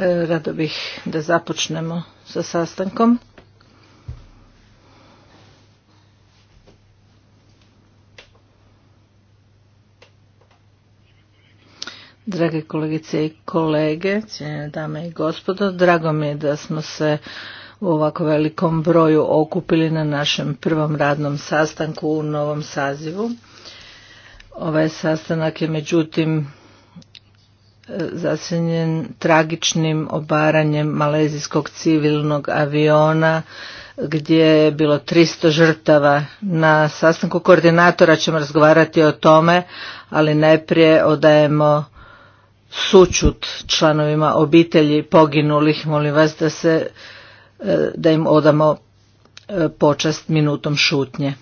E, rado bih da započnemo sa sastankom. Drage kolegice i kolege, cijene dame i gospodo, drago mi je da smo se u ovako velikom broju okupili na našem prvom radnom sastanku u novom sazivu. Ovaj sastanak je međutim zasjenjen tragičnim obaranjem malezijskog civilnog aviona gdje je bilo 300 žrtava. Na sastanku koordinatora ćemo razgovarati o tome, ali najprije odajemo sučut članovima obitelji poginulih. Molim vas da, se, e, da im odamo e, počast minutom šutnje.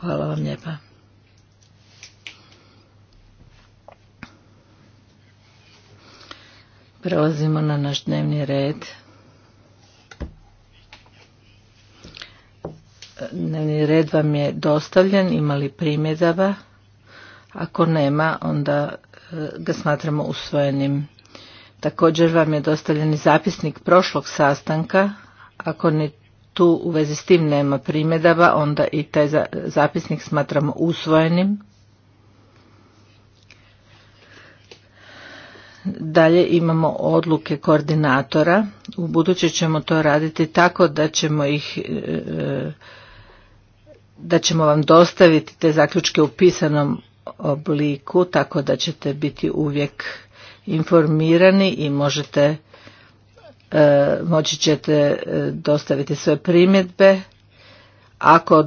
Hvala vam lijepa. Prelazimo na naš dnevni red. Dnevni red vam je dostavljen, imali primjedaba. Ako nema, onda eh, ga smatramo usvojenim. Također vam je dostavljen i zapisnik prošlog sastanka. Ako ne tu u vezi s tim nema primjedaba, onda i taj zapisnik smatramo usvojenim. Dalje imamo odluke koordinatora. U budući ćemo to raditi tako da ćemo ih e, da ćemo vam dostaviti te zaključke u pisanom obliku tako da ćete biti uvijek informirani i možete E, moći ćete e, dostaviti sve primjedbe. Ako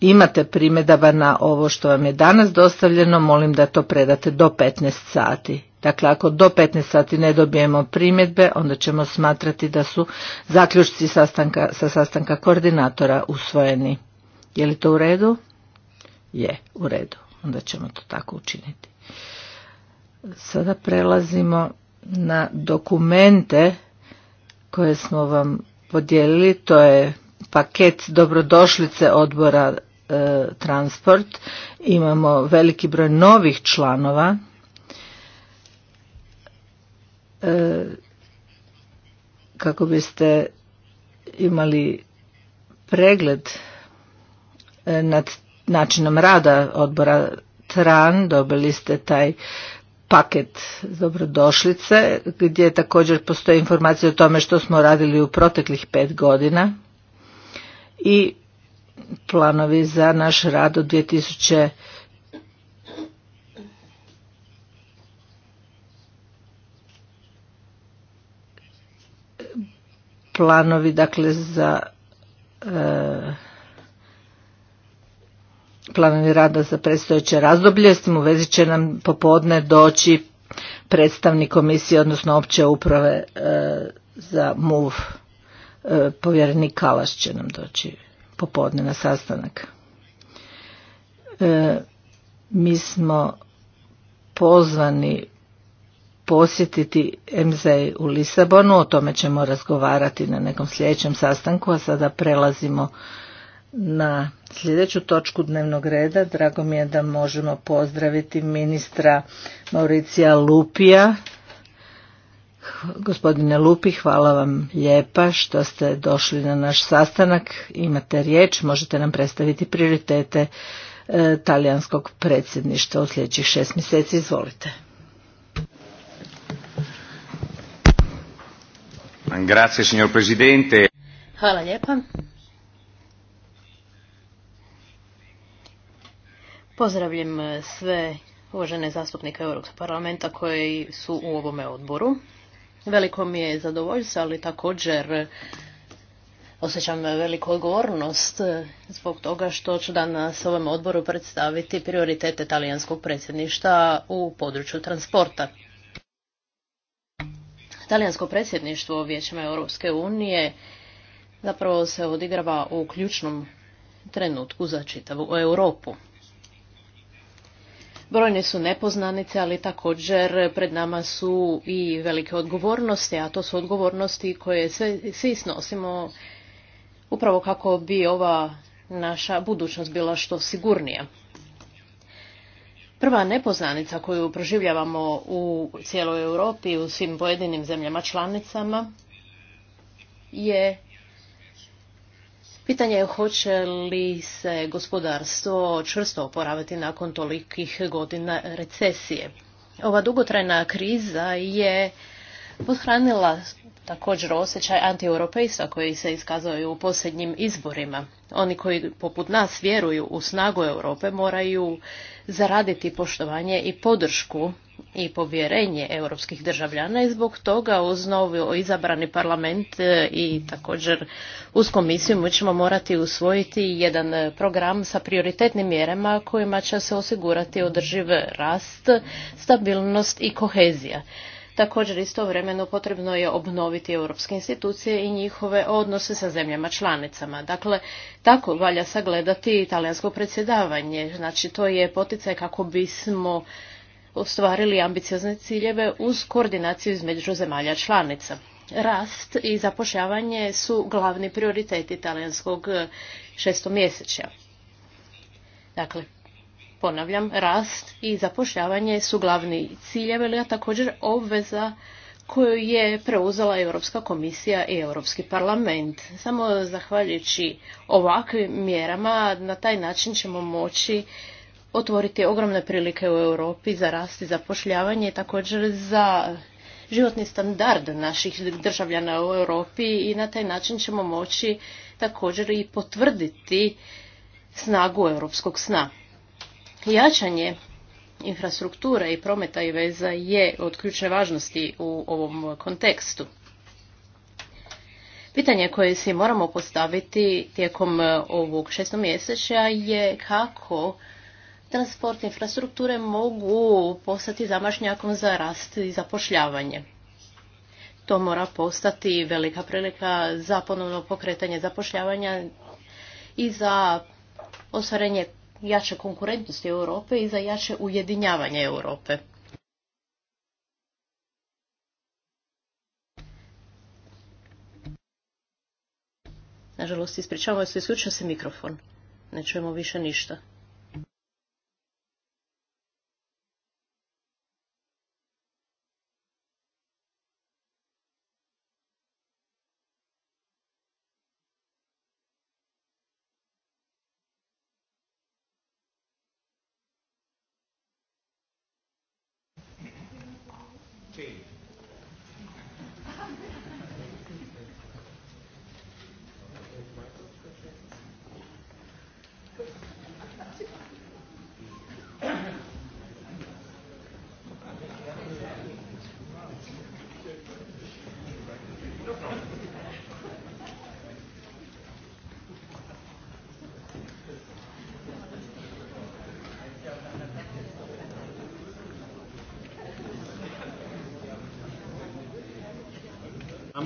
imate primjedaba na ovo što vam je danas dostavljeno, molim da to predate do 15 sati. Dakle, ako do 15 sati ne dobijemo primjedbe, onda ćemo smatrati da su zaključci sastanka, sa sastanka koordinatora usvojeni. Je li to u redu? Je, u redu. Onda ćemo to tako učiniti. Sada prelazimo na dokumente koje smo vam podijelili, to je paket dobrodošlice odbora e, transport. Imamo veliki broj novih članova. E, kako biste imali pregled e, nad načinom rada odbora TRAN, dobili ste taj paket dobrodošlice gdje također postoje informacije o tome što smo radili u proteklih pet godina i planovi za naš rad od 2000 planovi dakle za e, planovi rada za predstojeće razdoblje, s tim u vezi će nam popodne doći predstavnik komisije, odnosno opće uprave e, za MUV, e, povjerenik Kalaš će nam doći popodne na sastanak. E, mi smo pozvani posjetiti MZ u Lisabonu, o tome ćemo razgovarati na nekom sljedećem sastanku, a sada prelazimo na sljedeću točku dnevnog reda. Drago mi je da možemo pozdraviti ministra Mauricija Lupija. Gospodine Lupi, hvala vam lijepa što ste došli na naš sastanak. Imate riječ, možete nam predstaviti prioritete e, talijanskog predsjedništva u sljedećih šest mjeseci. Izvolite. Grazie, signor Presidente. Hvala lijepa, Pozdravljam e, sve uvažene zastupnike Europskog parlamenta koji su u ovome odboru. Veliko mi je zadovoljstvo, ali također e, osjećam veliku odgovornost e, zbog toga što ću danas ovom odboru predstaviti prioritete talijanskog predsjedništva u području transporta. Talijansko predsjedništvo Vijećima Europske unije zapravo se odigrava u ključnom trenutku za čitavu Europu. Brojne su nepoznanice, ali također pred nama su i velike odgovornosti, a to su odgovornosti koje svi snosimo upravo kako bi ova naša budućnost bila što sigurnija. Prva nepoznanica koju proživljavamo u cijeloj Europi, u svim pojedinim zemljama članicama, je Pitanje je hoće li se gospodarstvo čvrsto oporaviti nakon tolikih godina recesije. Ova dugotrajna kriza je pohranila također osjećaj antieuropejstva koji se iskazao u posljednjim izborima. Oni koji poput nas vjeruju u snagu Europe moraju zaraditi poštovanje i podršku i povjerenje europskih državljana i zbog toga uz novi izabrani parlament e, i također uz komisiju mi ćemo morati usvojiti jedan program sa prioritetnim mjerama kojima će se osigurati održiv rast, stabilnost i kohezija. Također istovremeno potrebno je obnoviti europske institucije i njihove odnose sa zemljama članicama. Dakle, tako valja sagledati italijansko predsjedavanje. Znači, to je poticaj kako bismo ostvarili ambiciozne ciljeve uz koordinaciju između zemalja članica. Rast i zapošljavanje su glavni prioriteti italijanskog eh, šestomjeseća. Dakle, Ponavljam, rast i zapošljavanje su glavni ciljevi, a također obveza koju je preuzela Europska komisija i Europski parlament. Samo zahvaljujući ovakvim mjerama na taj način ćemo moći otvoriti ogromne prilike u Europi za rast i zapošljavanje također za životni standard naših državljana u Europi i na taj način ćemo moći također i potvrditi snagu europskog sna. Jačanje infrastrukture i prometa i veza je od ključne važnosti u ovom kontekstu. Pitanje koje si moramo postaviti tijekom e, ovog mjeseča je kako transport infrastrukture mogu postati zamašnjakom za rast i zapošljavanje. To mora postati velika prilika za ponovno pokretanje zapošljavanja i za ostvarenje jače konkurentnosti Europe i za jače ujedinjavanje Europe. Nažalost, ispričavamo se, isključio se mikrofon. Ne čujemo više ništa.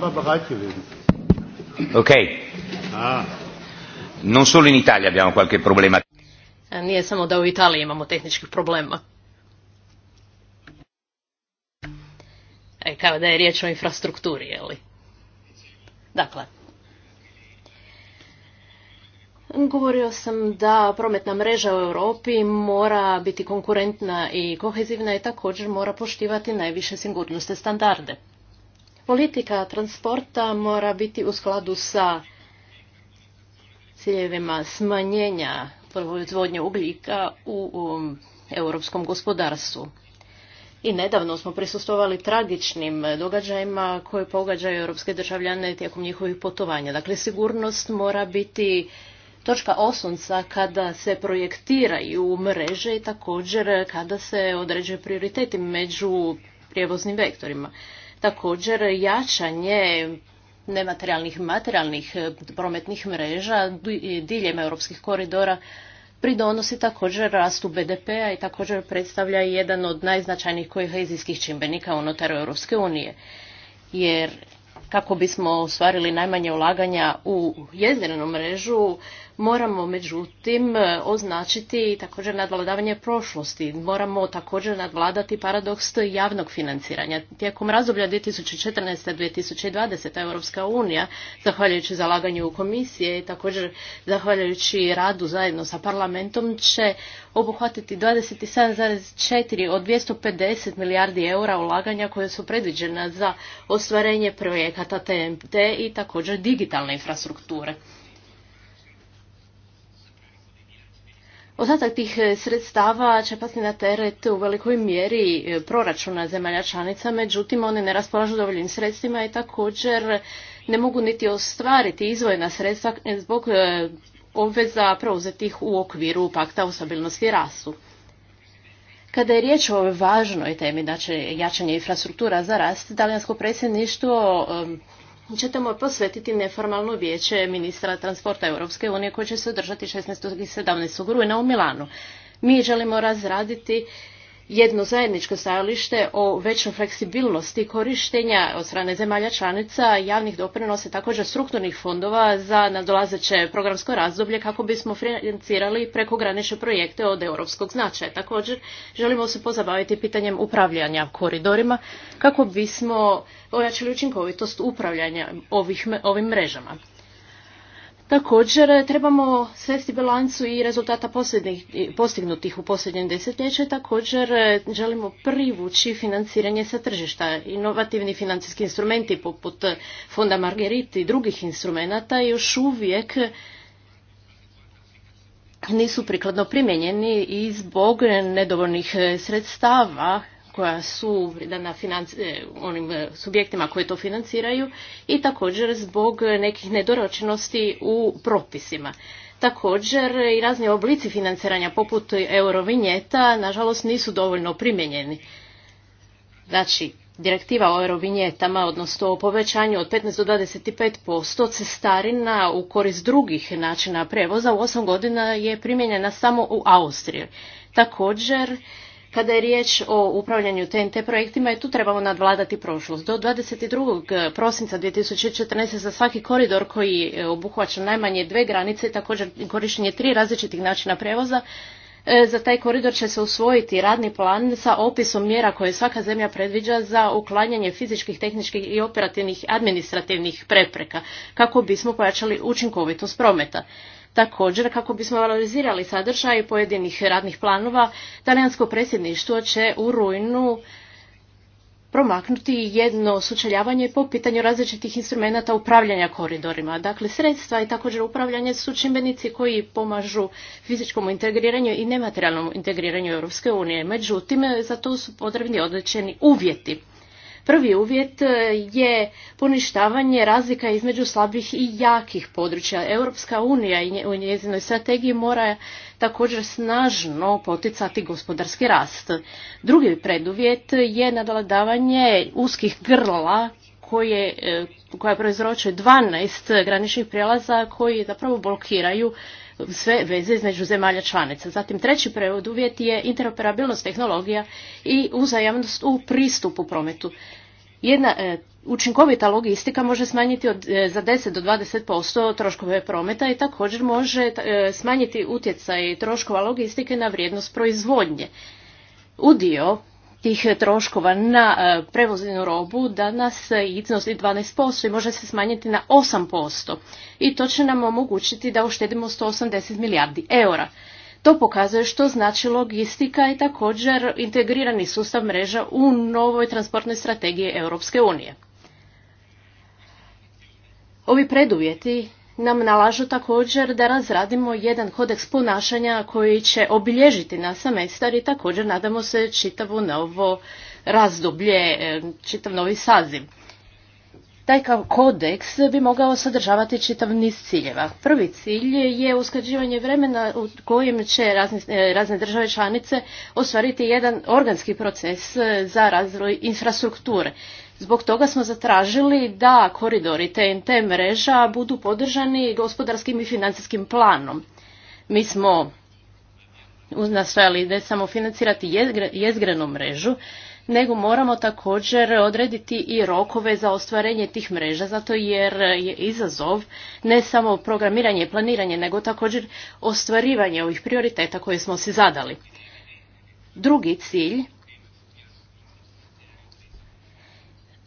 immer bereit Ok. Ah. Non solo in Italia abbiamo qualche problema. E nije samo da u Italiji imamo tehničkih problema. E, kao da je riječ o infrastrukturi, je li? Dakle, Govorio sam da prometna mreža u Europi mora biti konkurentna i kohezivna i također mora poštivati najviše sigurnosne standarde. Politika transporta mora biti u skladu sa ciljevima smanjenja proizvodnje ugljika u, europskom gospodarstvu. I nedavno smo prisustovali tragičnim događajima koje pogađaju europske državljane tijekom njihovih putovanja. Dakle, sigurnost mora biti točka osunca kada se projektiraju mreže i također kada se određuju prioriteti među prijevoznim vektorima. Također jačanje nematerijalnih materijalnih e, prometnih mreža e, diljem europskih koridora pridonosi također rastu BDP-a i također predstavlja jedan od najznačajnijih kohezijskih čimbenika unutar Europske unije. Jer kako bismo ostvarili najmanje ulaganja u jezeranu mrežu, Moramo međutim e, označiti također nadvladavanje prošlosti. Moramo također nadvladati paradoks javnog financiranja. Tijekom razdoblja 2014-2020 Europska unija, zahvaljujući zalaganju komisije i također zahvaljujući radu zajedno sa parlamentom, će obuhvatiti 27,4 od 250 milijardi eura ulaganja koje su predviđena za ostvarenje projekata TMT i također digitalne infrastrukture. Ostatak tih e, sredstava će pasti na teret u velikoj mjeri e, proračuna zemalja članica, međutim one ne raspolažu dovoljnim sredstvima i također ne mogu niti ostvariti izvojna sredstva zbog e, obveza preuzetih u okviru pakta o stabilnosti i Kada je riječ o ovoj važnoj temi, znači jačanje infrastruktura za rast, italijansko predsjedništvo ćemo posvetiti neformalno vijeće ministra transporta Europske unije koje će se održati 16. i 17. rujna u Milanu. Mi želimo razraditi jedno zajedničko stajalište o većoj fleksibilnosti korištenja od strane zemalja članica javnih doprinosa također strukturnih fondova za nadolazeće programsko razdoblje kako bismo financirali prekogranične projekte od europskog značaja. Također želimo se pozabaviti pitanjem upravljanja koridorima kako bismo ojačali učinkovitost upravljanja ovim mrežama. Također e, trebamo svesti bilancu i rezultata postignutih u posljednjem desetljeću. Također e, želimo privući financiranje sa tržišta. Inovativni financijski instrumenti poput fonda Margeriti i drugih instrumenata još uvijek nisu prikladno primjenjeni i zbog nedovoljnih e, sredstava koja su e, onim e, subjektima koji to financiraju i također zbog nekih nedoročenosti u propisima. Također i razni oblici financiranja poput eurovinjeta nažalost nisu dovoljno primjenjeni. Znači, direktiva o eurovinjetama, odnosno o povećanju od 15 do 25% cestarina u korist drugih načina prevoza u osam godina je primjenjena samo u Austriji. Također, kada je riječ o upravljanju TNT projektima i tu trebamo nadvladati prošlost. Do 22. prosinca 2014. za svaki koridor koji e, obuhvaća najmanje dve granice i također korištenje tri različitih načina prevoza, e, za taj koridor će se usvojiti radni plan sa opisom mjera koje svaka zemlja predviđa za uklanjanje fizičkih, tehničkih i operativnih administrativnih prepreka kako bismo pojačali učinkovitost prometa. Također, kako bismo valorizirali sadržaj pojedinih radnih planova, talijansko predsjedništvo će u rujnu promaknuti jedno sučeljavanje po pitanju različitih instrumenata upravljanja koridorima. Dakle, sredstva i također upravljanje su čimbenici koji pomažu fizičkom integriranju i nematerijalnom integriranju Europske unije. Međutim, za to su potrebni određeni uvjeti. Prvi uvjet e, je poništavanje razlika između slabih i jakih područja. Europska unija u njezinoj strategiji mora također snažno poticati gospodarski rast. Drugi preduvjet je nadaladavanje uskih grla koje, e, koja proizroče 12 graničnih prijelaza koji zapravo blokiraju sve veze između zemalja članica. Zatim treći preduvjet je interoperabilnost tehnologija i uzajamnost u pristupu prometu. Jedna e, učinkovita logistika može smanjiti od, e, za 10 do 20% troškove prometa i također može e, smanjiti utjecaj troškova logistike na vrijednost proizvodnje. Udio tih troškova na e, prevozinu robu danas iznosi 12% i može se smanjiti na 8%. I to će nam omogućiti da uštedimo 180 milijardi eura. To pokazuje što znači logistika i također integrirani sustav mreža u novoj transportnoj strategiji Europske unije. Ovi preduvjeti nam nalažu također da razradimo jedan kodeks ponašanja koji će obilježiti nas semestar i također nadamo se čitavo novo razdoblje, e, čitav novi saziv. Taj kao kodeks bi mogao sadržavati čitav niz ciljeva. Prvi cilj je usklađivanje vremena u kojem će razne, razne države članice ostvariti jedan organski proces za razvoj infrastrukture. Zbog toga smo zatražili da koridori TNT mreža budu podržani gospodarskim i financijskim planom. Mi smo nastojali ne samo financirati jezgrenu mrežu, nego moramo također odrediti i rokove za ostvarenje tih mreža, zato jer je izazov ne samo programiranje i planiranje, nego također ostvarivanje ovih prioriteta koje smo si zadali. Drugi cilj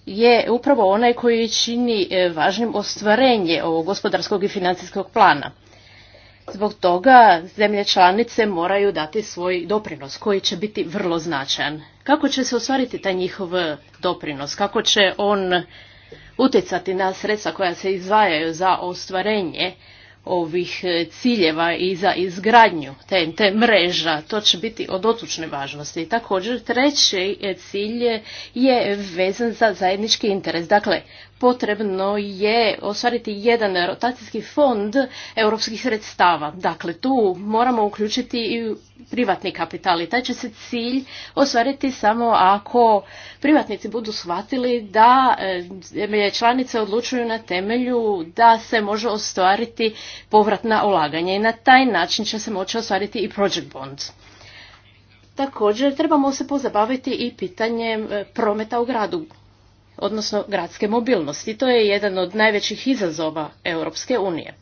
je upravo onaj koji čini e, važnim ostvarenje ovog gospodarskog i financijskog plana. Zbog toga zemlje članice moraju dati svoj doprinos koji će biti vrlo značajan. Kako će se ostvariti taj njihov doprinos? Kako će on utjecati na sredstva koja se izdvajaju za ostvarenje ovih e, ciljeva i za izgradnju TNT mreža. To će biti od otučne važnosti. Također, treći e, cilj je vezan za zajednički interes. Dakle, potrebno je ostvariti jedan rotacijski fond europskih sredstava. Dakle, tu moramo uključiti i privatni kapital i taj će se cilj ostvariti samo ako privatnici budu shvatili da e, članice odlučuju na temelju da se može ostvariti povratna ulaganja i na taj način će se moći ostvariti i project bond. Također trebamo se pozabaviti i pitanjem e, prometa u gradu odnosno gradske mobilnosti. To je jedan od najvećih izazova Europske unije.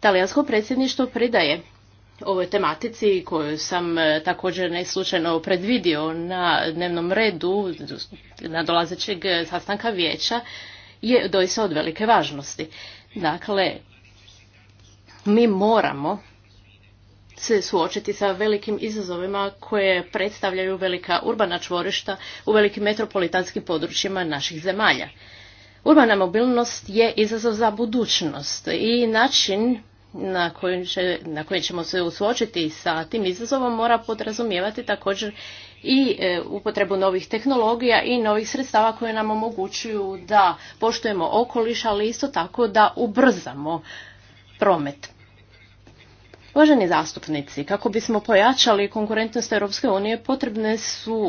Talijansko predsjedništvo pridaje ovoj tematici koju sam e, također neslučajno predvidio na dnevnom redu na dolazećeg e, sastanka vijeća je doista od velike važnosti. Dakle, mi moramo se suočiti sa velikim izazovima koje predstavljaju velika urbana čvorišta u velikim metropolitanskim područjima naših zemalja. Urbana mobilnost je izazov za budućnost i način na koji, ćemo se suočiti sa tim izazovom mora podrazumijevati također i e, upotrebu novih tehnologija i novih sredstava koje nam omogućuju da poštujemo okoliš, ali isto tako da ubrzamo promet. Uvaženi zastupnici, kako bismo pojačali konkurentnost Europske unije potrebne su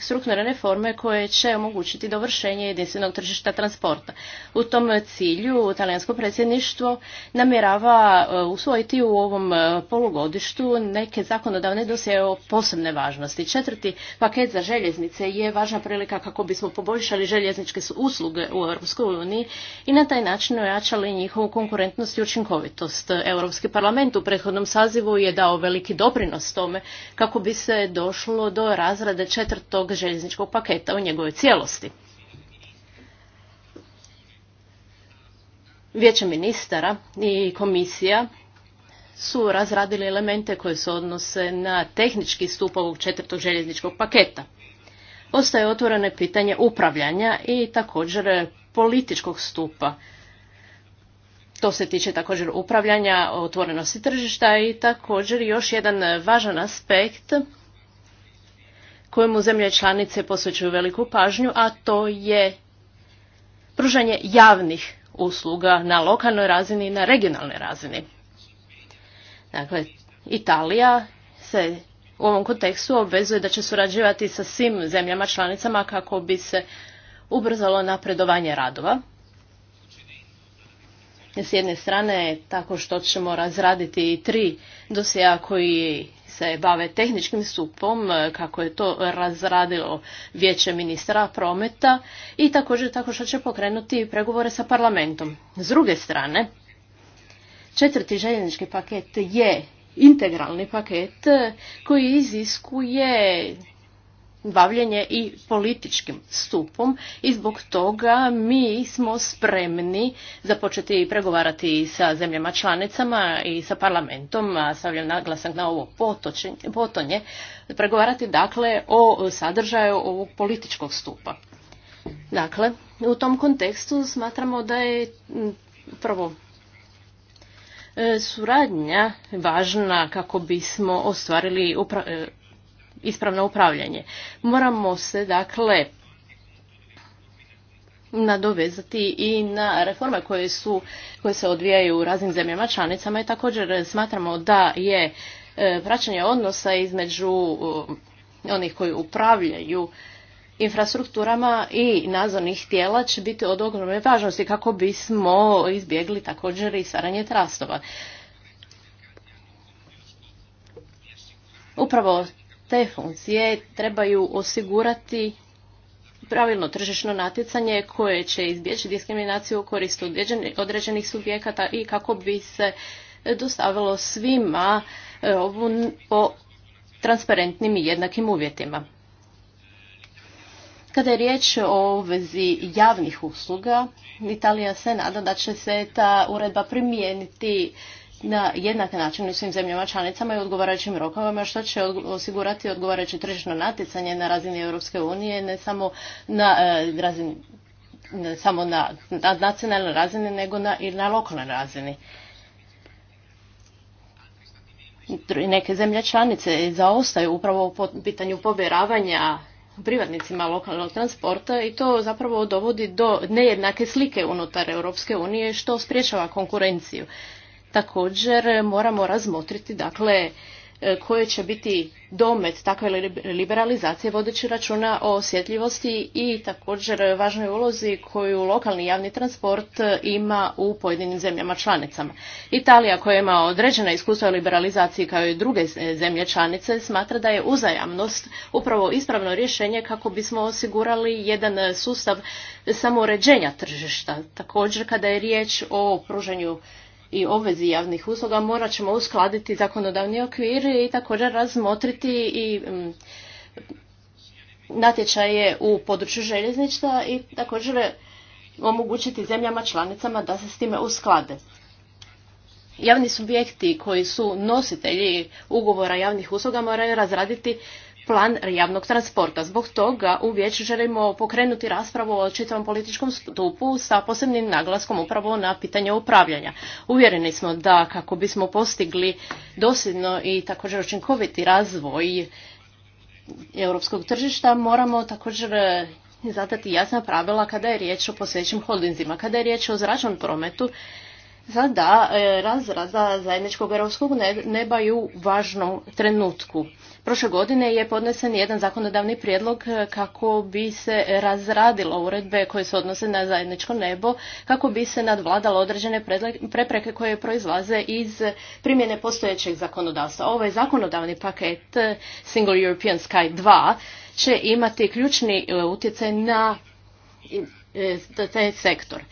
strukturne reforme koje će omogućiti dovršenje jedinstvenog tržišta transporta. U tom cilju talijansko predsjedništvo namjerava e, usvojiti u ovom e, polugodištu neke zakonodavne dosije o posebne važnosti. Četvrti paket za željeznice je važna prilika kako bismo poboljšali željezničke usluge u Europskoj uniji i na taj način ojačali njihovu konkurentnost i učinkovitost. Europski parlament u prethodnom sazivu je dao veliki doprinos tome kako bi se došlo do razrade četvrtog željezničkog paketa u njegovoj cijelosti. Vijeće ministara i komisija su razradili elemente koji se odnose na tehnički stup ovog četvrtog željezničkog paketa. Ostaje otvorene pitanje upravljanja i također političkog stupa. To se tiče također upravljanja, otvorenosti tržišta i također još jedan važan aspekt kojemu zemlje članice posvećuju veliku pažnju, a to je pružanje javnih usluga na lokalnoj razini i na regionalnoj razini. Dakle, Italija se u ovom kontekstu obvezuje da će surađivati sa svim zemljama članicama kako bi se ubrzalo napredovanje radova. S jedne strane, tako što ćemo razraditi i tri dosija koji se bave tehničkim supom, e, kako je to razradilo vijeće ministra prometa i također tako što će pokrenuti pregovore sa parlamentom. S druge strane, četvrti željeznički paket je integralni paket e, koji iziskuje bavljenje i političkim stupom i zbog toga mi smo spremni započeti pregovarati sa zemljama članicama i sa parlamentom, a stavljam naglasak na ovo potonje, pregovarati dakle o sadržaju ovog političkog stupa. Dakle, u tom kontekstu smatramo da je prvo e, suradnja važna kako bismo ostvarili e, ispravno upravljanje. Moramo se dakle nadovezati i na reforme koje, su, koje se odvijaju u raznim zemljama članicama i također smatramo da je e, praćenje odnosa između onih koji upravljaju infrastrukturama i nadzornih tijela će biti od ogromne važnosti kako bismo izbjegli također i saranje trastova. Upravo te funkcije trebaju osigurati pravilno tržišno natjecanje koje će izbjeći diskriminaciju u koristu određenih subjekata i kako bi se dostavilo svima e, ovu, po transparentnim i jednakim uvjetima. Kada je riječ o vezi javnih usluga, Italija se nada da će se ta uredba primijeniti na jednak način u svim zemljama članicama i odgovarajućim rokovima što će osigurati odgovarajuće tržišno natjecanje na razini Europske unije ne samo na e, razini ne samo na, na nacionalnoj razini nego na, i na lokalnoj razini neke zemlje članice zaostaju upravo po pitanju povjeravanja privatnicima lokalnog transporta i to zapravo dovodi do nejednake slike unutar Europske unije što spriječava konkurenciju. Također e, moramo razmotriti dakle e, koje će biti domet takve liberalizacije vodeći računa o osjetljivosti i također e, važnoj ulozi koju lokalni javni transport ima u pojedinim zemljama članicama. Italija koja ima određena iskustva o liberalizaciji kao i druge zemlje članice smatra da je uzajamnost upravo ispravno rješenje kako bismo osigurali jedan sustav samoređenja tržišta. Također kada je riječ o pružanju i obvezi javnih usluga morat ćemo uskladiti zakonodavni okvir i također razmotriti i mm, natječaje u području željezništva i također omogućiti zemljama članicama da se s time usklade. Javni subjekti koji su nositelji ugovora javnih usluga moraju razraditi plan javnog transporta. Zbog toga u vijeću želimo pokrenuti raspravu o čitavom političkom stupu sa posebnim naglaskom upravo na pitanje upravljanja. Uvjereni smo da kako bismo postigli dosljedno i također učinkoviti razvoj europskog tržišta moramo također zadati jasna pravila kada je riječ o posljednjim holdinzima. Kada je riječ o zračnom prometu, sada e, razraza zajedničkog europskog neba je u važnom trenutku. Prošle godine je podnesen jedan zakonodavni prijedlog e, kako bi se razradilo uredbe koje se odnose na zajedničko nebo, kako bi se nadvladalo određene prepreke koje proizlaze iz primjene postojećeg zakonodavstva. Ovaj zakonodavni paket e, Single European Sky 2 će imati ključni utjecaj na taj sektor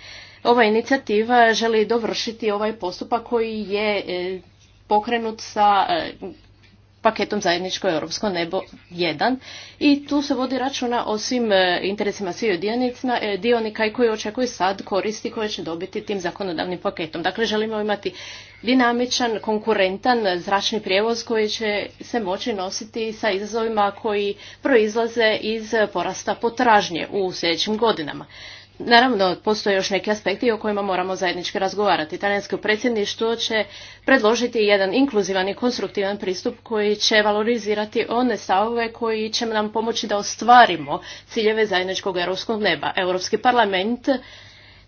ova inicijativa želi dovršiti ovaj postupak koji je e, pokrenut sa e, paketom zajedničko europsko nebo 1 i tu se vodi računa o svim e, interesima svih dionika i koji očekuje sad koristi koje će dobiti tim zakonodavnim paketom. Dakle, želimo imati dinamičan, konkurentan zračni prijevoz koji će se moći nositi sa izazovima koji proizlaze iz porasta potražnje u sljedećim godinama. Naravno, postoje još neki aspekti o kojima moramo zajednički razgovarati. Talijansko predsjedništvo će predložiti jedan inkluzivan i konstruktivan pristup koji će valorizirati one stavove koji će nam pomoći da ostvarimo ciljeve zajedničkog europskog neba. Europski parlament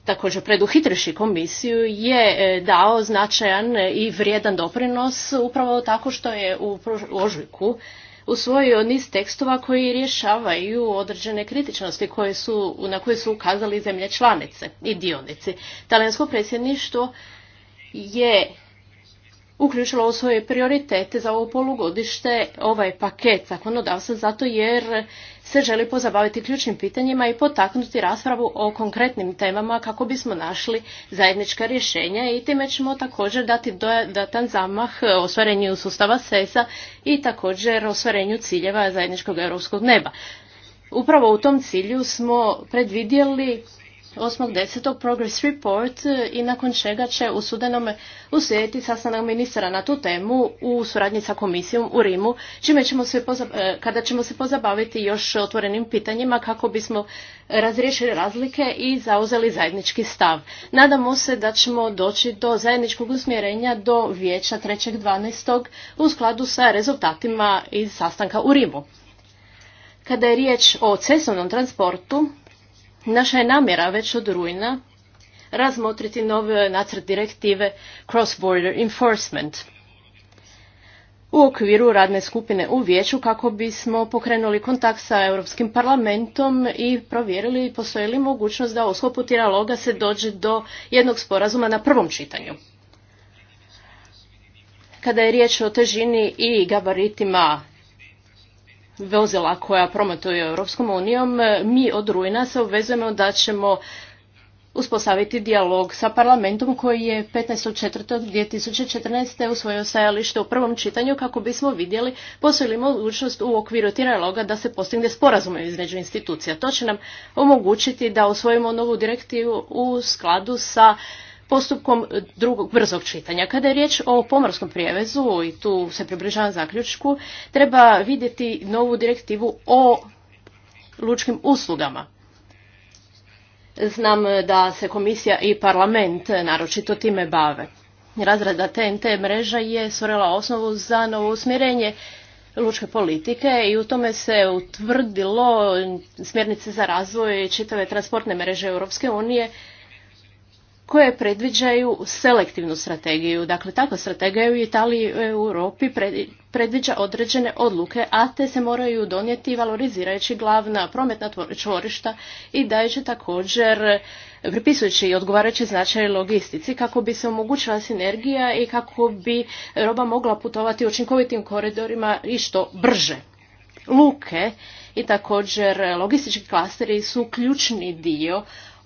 također preduhitriši komisiju je e, dao značajan i vrijedan doprinos upravo tako što je u ožujku usvojio niz tekstova koji rješavaju određene kritičnosti koje su, na koje su ukazali zemlje članice i dionici. Talijansko predsjedništvo je uključila u svoje prioritete za ovo polugodište ovaj paket zakonodavstva zato jer se želi pozabaviti ključnim pitanjima i potaknuti raspravu o konkretnim temama kako bismo našli zajednička rješenja i time ćemo također dati dodatan zamah ostvarenju sustava SESA i također ostvarenju ciljeva zajedničkog europskog neba. Upravo u tom cilju smo predvidjeli 8.10. Progress Report e, i nakon čega će u sudenom uslijediti sastanak ministra na tu temu u suradnji sa komisijom u Rimu, čime ćemo se e, kada ćemo se pozabaviti još otvorenim pitanjima kako bismo razriješili razlike i zauzeli zajednički stav. Nadamo se da ćemo doći do zajedničkog usmjerenja do vijeća 3.12. u skladu sa rezultatima iz sastanka u Rimu. Kada je riječ o cestovnom transportu, Naša je namjera već od rujna razmotriti nove nacrt direktive Cross-Border Enforcement u okviru radne skupine u vijeću kako bismo pokrenuli kontakt sa Europskim parlamentom i provjerili postoji li mogućnost da u sklopu tiraloga se dođe do jednog sporazuma na prvom čitanju. Kada je riječ o težini i gabaritima vozila koja prometuju Europskom unijom, e, mi od rujna se obvezujemo da ćemo uspostaviti dijalog sa parlamentom koji je 15.4.2014. usvojio stajalište u prvom čitanju kako bismo vidjeli postoji mogućnost u okviru tiraloga da se postigne sporazum između institucija. To će nam omogućiti da usvojimo novu direktivu u skladu sa postupkom drugog brzog čitanja. Kada je riječ o pomorskom prijevezu, i tu se približavam zaključku, treba vidjeti novu direktivu o lučkim uslugama. Znam da se komisija i parlament naročito time bave. Razrada TNT mreža je stvorila osnovu za novo usmjerenje lučke politike i u tome se utvrdilo smjernice za razvoj čitave transportne mreže Europske unije koje predviđaju selektivnu strategiju. Dakle, takva strategija u Italiji i u Europi predviđa određene odluke, a te se moraju donijeti valorizirajući glavna prometna čvorišta i dajući također pripisujući odgovarajući značaj logistici kako bi se omogućila sinergija i kako bi roba mogla putovati učinkovitim koridorima i što brže. Luke i također logistički klasteri su ključni dio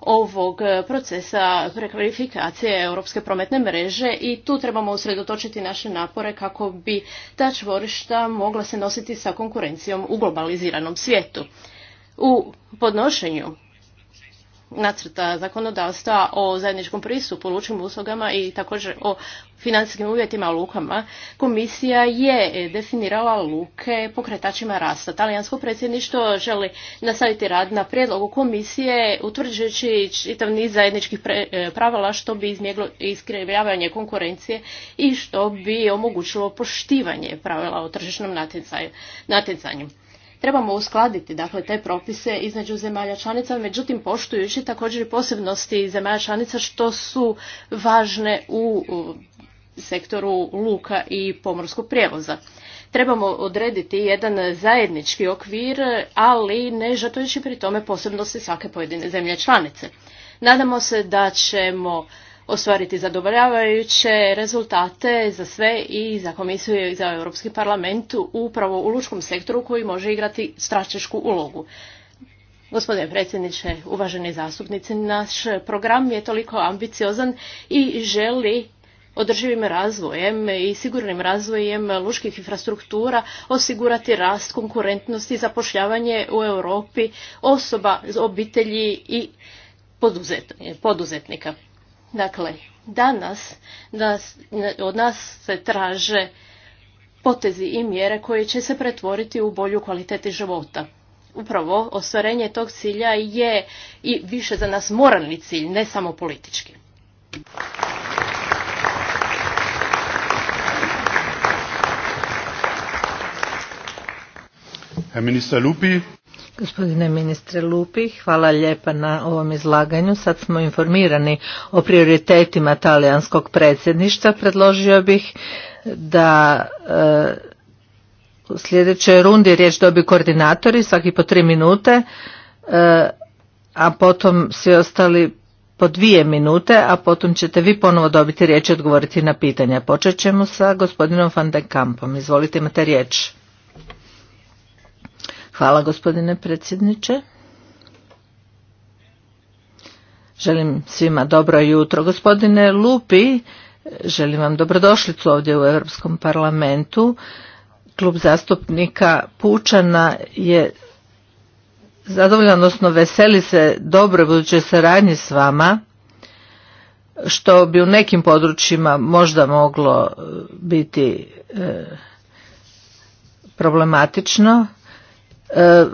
ovog e, procesa prekvalifikacije europske prometne mreže i tu trebamo usredotočiti naše napore kako bi ta čvorišta mogla se nositi sa konkurencijom u globaliziranom svijetu. U podnošenju nacrta zakonodavstva o zajedničkom pristupu lučkim uslugama i također o financijskim uvjetima lukama, komisija je definirala luke pokretačima rasta. Talijansko predsjedništvo želi nastaviti rad na prijedlogu komisije utvrđujući čitav niz zajedničkih e, pravila što bi izmjeglo iskrivljavanje konkurencije i što bi omogućilo poštivanje pravila o tržišnom natjecanju. Trebamo uskladiti dakle, te propise između zemalja članica, međutim poštujući također i posebnosti zemalja članica što su važne u sektoru luka i pomorskog prijevoza. Trebamo odrediti jedan zajednički okvir, ali ne žatujući pri tome posebnosti svake pojedine zemlje članice. Nadamo se da ćemo ostvariti zadovoljavajuće rezultate za sve i za komisiju i za Europski parlament upravo u lučkom sektoru koji može igrati stratešku ulogu. Gospodine predsjedniče, uvaženi zastupnici, naš program je toliko ambiciozan i želi održivim razvojem i sigurnim razvojem lučkih infrastruktura osigurati rast konkurentnosti i zapošljavanje u Europi osoba, obitelji i poduzetnika. Dakle, danas nas, od nas se traže potezi i mjere koje će se pretvoriti u bolju kvaliteti života. Upravo ostvarenje tog cilja je i više za nas moralni cilj, ne samo politički. Herr Minister Lupi. Gospodine ministre Lupi, hvala lijepa na ovom izlaganju. Sad smo informirani o prioritetima talijanskog predsjedništva. Predložio bih da e, u sljedećoj rundi riječ dobi koordinatori svaki po tri minute, e, a potom svi ostali po dvije minute, a potom ćete vi ponovo dobiti riječ i odgovoriti na pitanja. Počet ćemo sa gospodinom Van de Kampom. Izvolite, imate riječ. Hvala gospodine predsjedniče. Želim svima dobro jutro. Gospodine Lupi, želim vam dobrodošlicu ovdje u Europskom parlamentu. Klub zastupnika Pučana je zadovoljan, odnosno veseli se dobro budućoj saradnji s vama, što bi u nekim područjima možda moglo biti eh, problematično. E,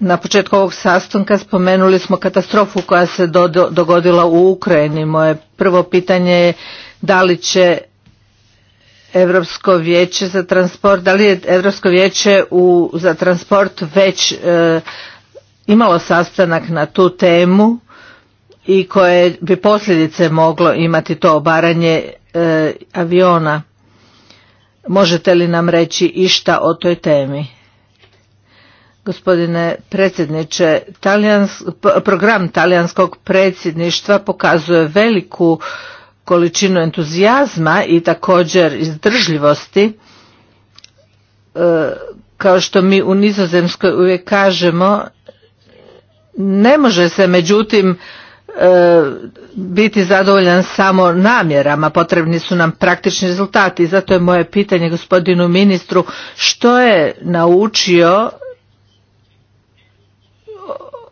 na početku ovog sastanka spomenuli smo katastrofu koja se dogodila u Ukrajini. Moje prvo pitanje je da li će Europsko vijeće za transport, da li je Europsko vijeće za transport već e, imalo sastanak na tu temu i koje bi posljedice moglo imati to obaranje e, aviona. Možete li nam reći išta o toj temi? Gospodine predsjedniče, program talijanskog predsjedništva pokazuje veliku količinu entuzijazma i također izdržljivosti. E, kao što mi u Nizozemskoj uvijek kažemo, ne može se međutim e, biti zadovoljan samo namjerama, potrebni su nam praktični rezultati. Zato je moje pitanje gospodinu ministru što je naučio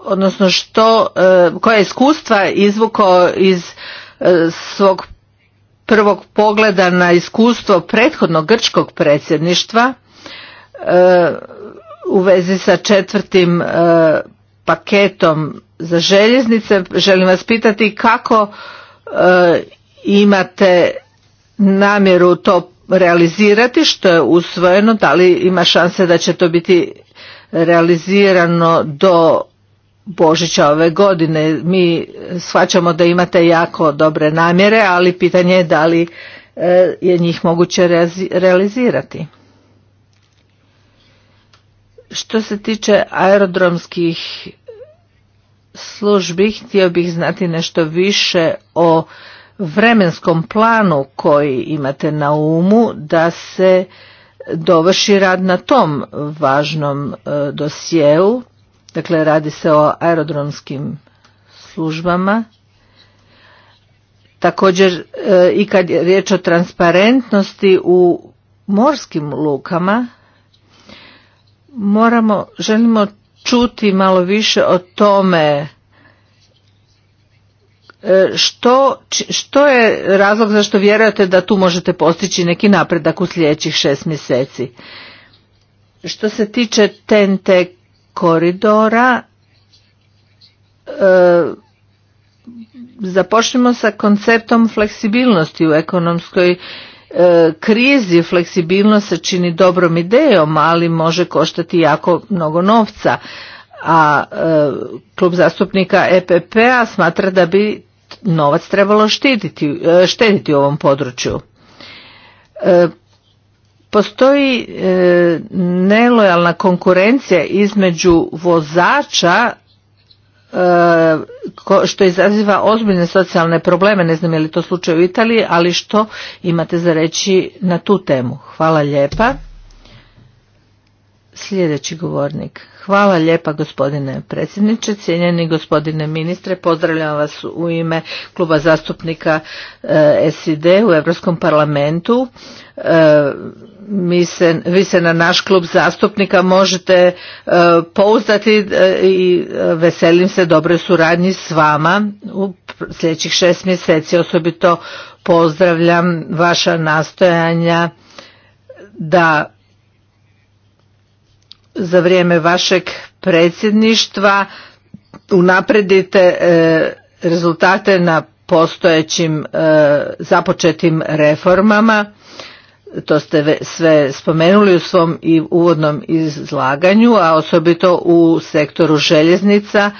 odnosno što, e, koja iskustva izvuko iz e, svog prvog pogleda na iskustvo prethodnog grčkog predsjedništva e, u vezi sa četvrtim paketom za željeznice. Želim vas pitati kako imate namjeru to realizirati što je usvojeno, da li ima šanse da će to biti realizirano do Božića ove godine. Mi shvaćamo da imate jako dobre namjere, ali pitanje je da li e, je njih moguće realizirati. Što se tiče aerodromskih službi, htio bih znati nešto više o vremenskom planu koji imate na umu da se dovrši rad na tom važnom e, dosjeu Dakle, radi se o aerodromskim službama. Također e, i kad je riječ o transparentnosti u morskim lukama, moramo, želimo čuti malo više o tome e, što, što je razlog zašto vjerujete da tu možete postići neki napredak u sljedećih šest mjeseci. Što se tiče TNT koridora e, započnemo sa konceptom fleksibilnosti u ekonomskoj e, krizi fleksibilnost se čini dobrom idejom, ali može koštati jako mnogo novca. A e, klub zastupnika EPP-a smatra da bi novac trebalo štediti, u ovom području postoji e, nelojalna konkurencija između vozača e, što izaziva ozbiljne socijalne probleme, ne znam je li to slučaj u Italiji, ali što imate za reći na tu temu. Hvala lijepa. Sljedeći govornik. Hvala lijepa gospodine predsjedniče, cijenjeni gospodine ministre, pozdravljam vas u ime kluba zastupnika e, SID u Europskom parlamentu mi se, vi se na naš klub zastupnika možete e, pouzdati e, i e, veselim se dobroj suradnji s vama u sljedećih šest mjeseci. Osobito pozdravljam vaša nastojanja da za vrijeme vašeg predsjedništva unapredite rezultate na postojećim započetim reformama to ste sve spomenuli u svom i uvodnom izlaganju, a osobito u sektoru željeznica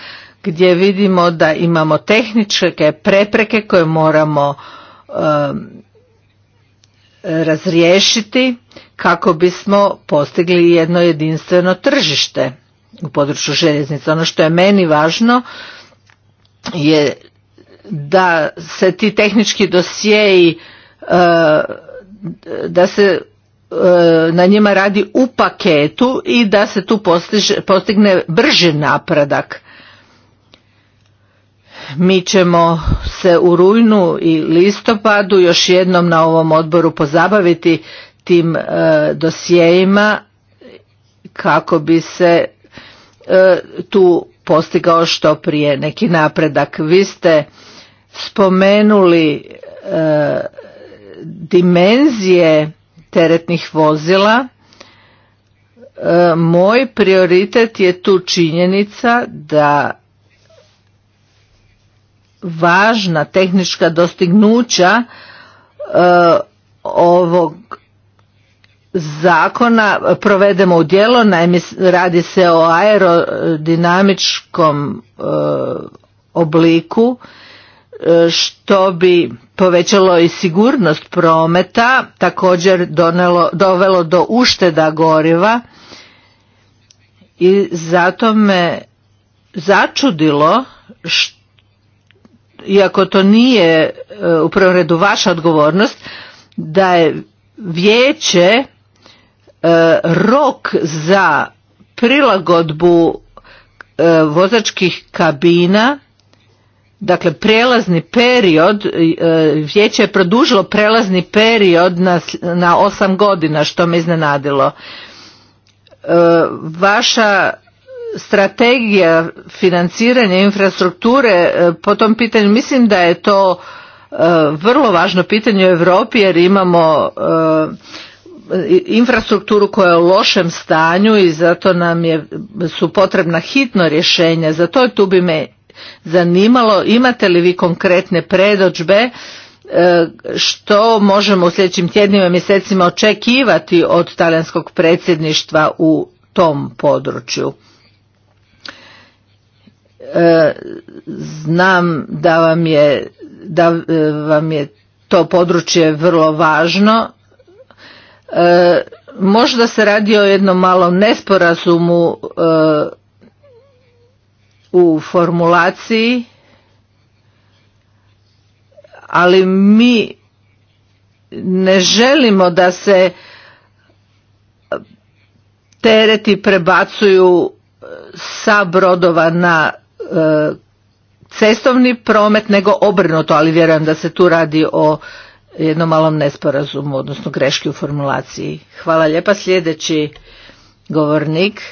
gdje vidimo da imamo tehničke prepreke koje moramo um, razriješiti kako bismo postigli jedno jedinstveno tržište u području željeznica. Ono što je meni važno je da se ti tehnički dosjeji uh, da se e, na njima radi u paketu i da se tu postigne brži napredak. Mi ćemo se u rujnu i listopadu još jednom na ovom odboru pozabaviti tim e, kako bi se e, tu postigao što prije neki napredak. Vi ste spomenuli e, dimenzije teretnih vozila e, moj prioritet je tu činjenica da važna tehnička dostignuća e, ovog zakona provedemo u djelo, radi se o aerodinamičkom e, obliku što bi povećalo i sigurnost prometa, također donelo, dovelo do ušteda goriva i zato me začudilo, iako to nije e, u prvom redu vaša odgovornost, da je vijeće e, rok za prilagodbu e, vozačkih kabina Dakle, prelazni period, e, vijeće je produžilo prelazni period na, na osam godina, što me iznenadilo. E, vaša strategija financiranja infrastrukture e, po tom pitanju, mislim da je to vrlo važno pitanje u Europi jer imamo infrastrukturu koja je u lošem stanju i zato nam je, su potrebna hitno rješenja. Zato tu bi me zanimalo imate li vi konkretne predođbe e, što možemo u sljedećim tjednima i mjesecima očekivati od talijanskog predsjedništva u tom području. E, znam da vam je, da e, vam je to područje vrlo važno. Možda se radi o jednom malom nesporazumu u formulaciji, ali mi ne želimo da se tereti prebacuju e, sa brodova na e, cestovni promet nego obrnuto, ali vjerujem da se tu radi o jednom malom nesporazumu, odnosno greški u formulaciji. Hvala lijepa. Sljedeći govornik.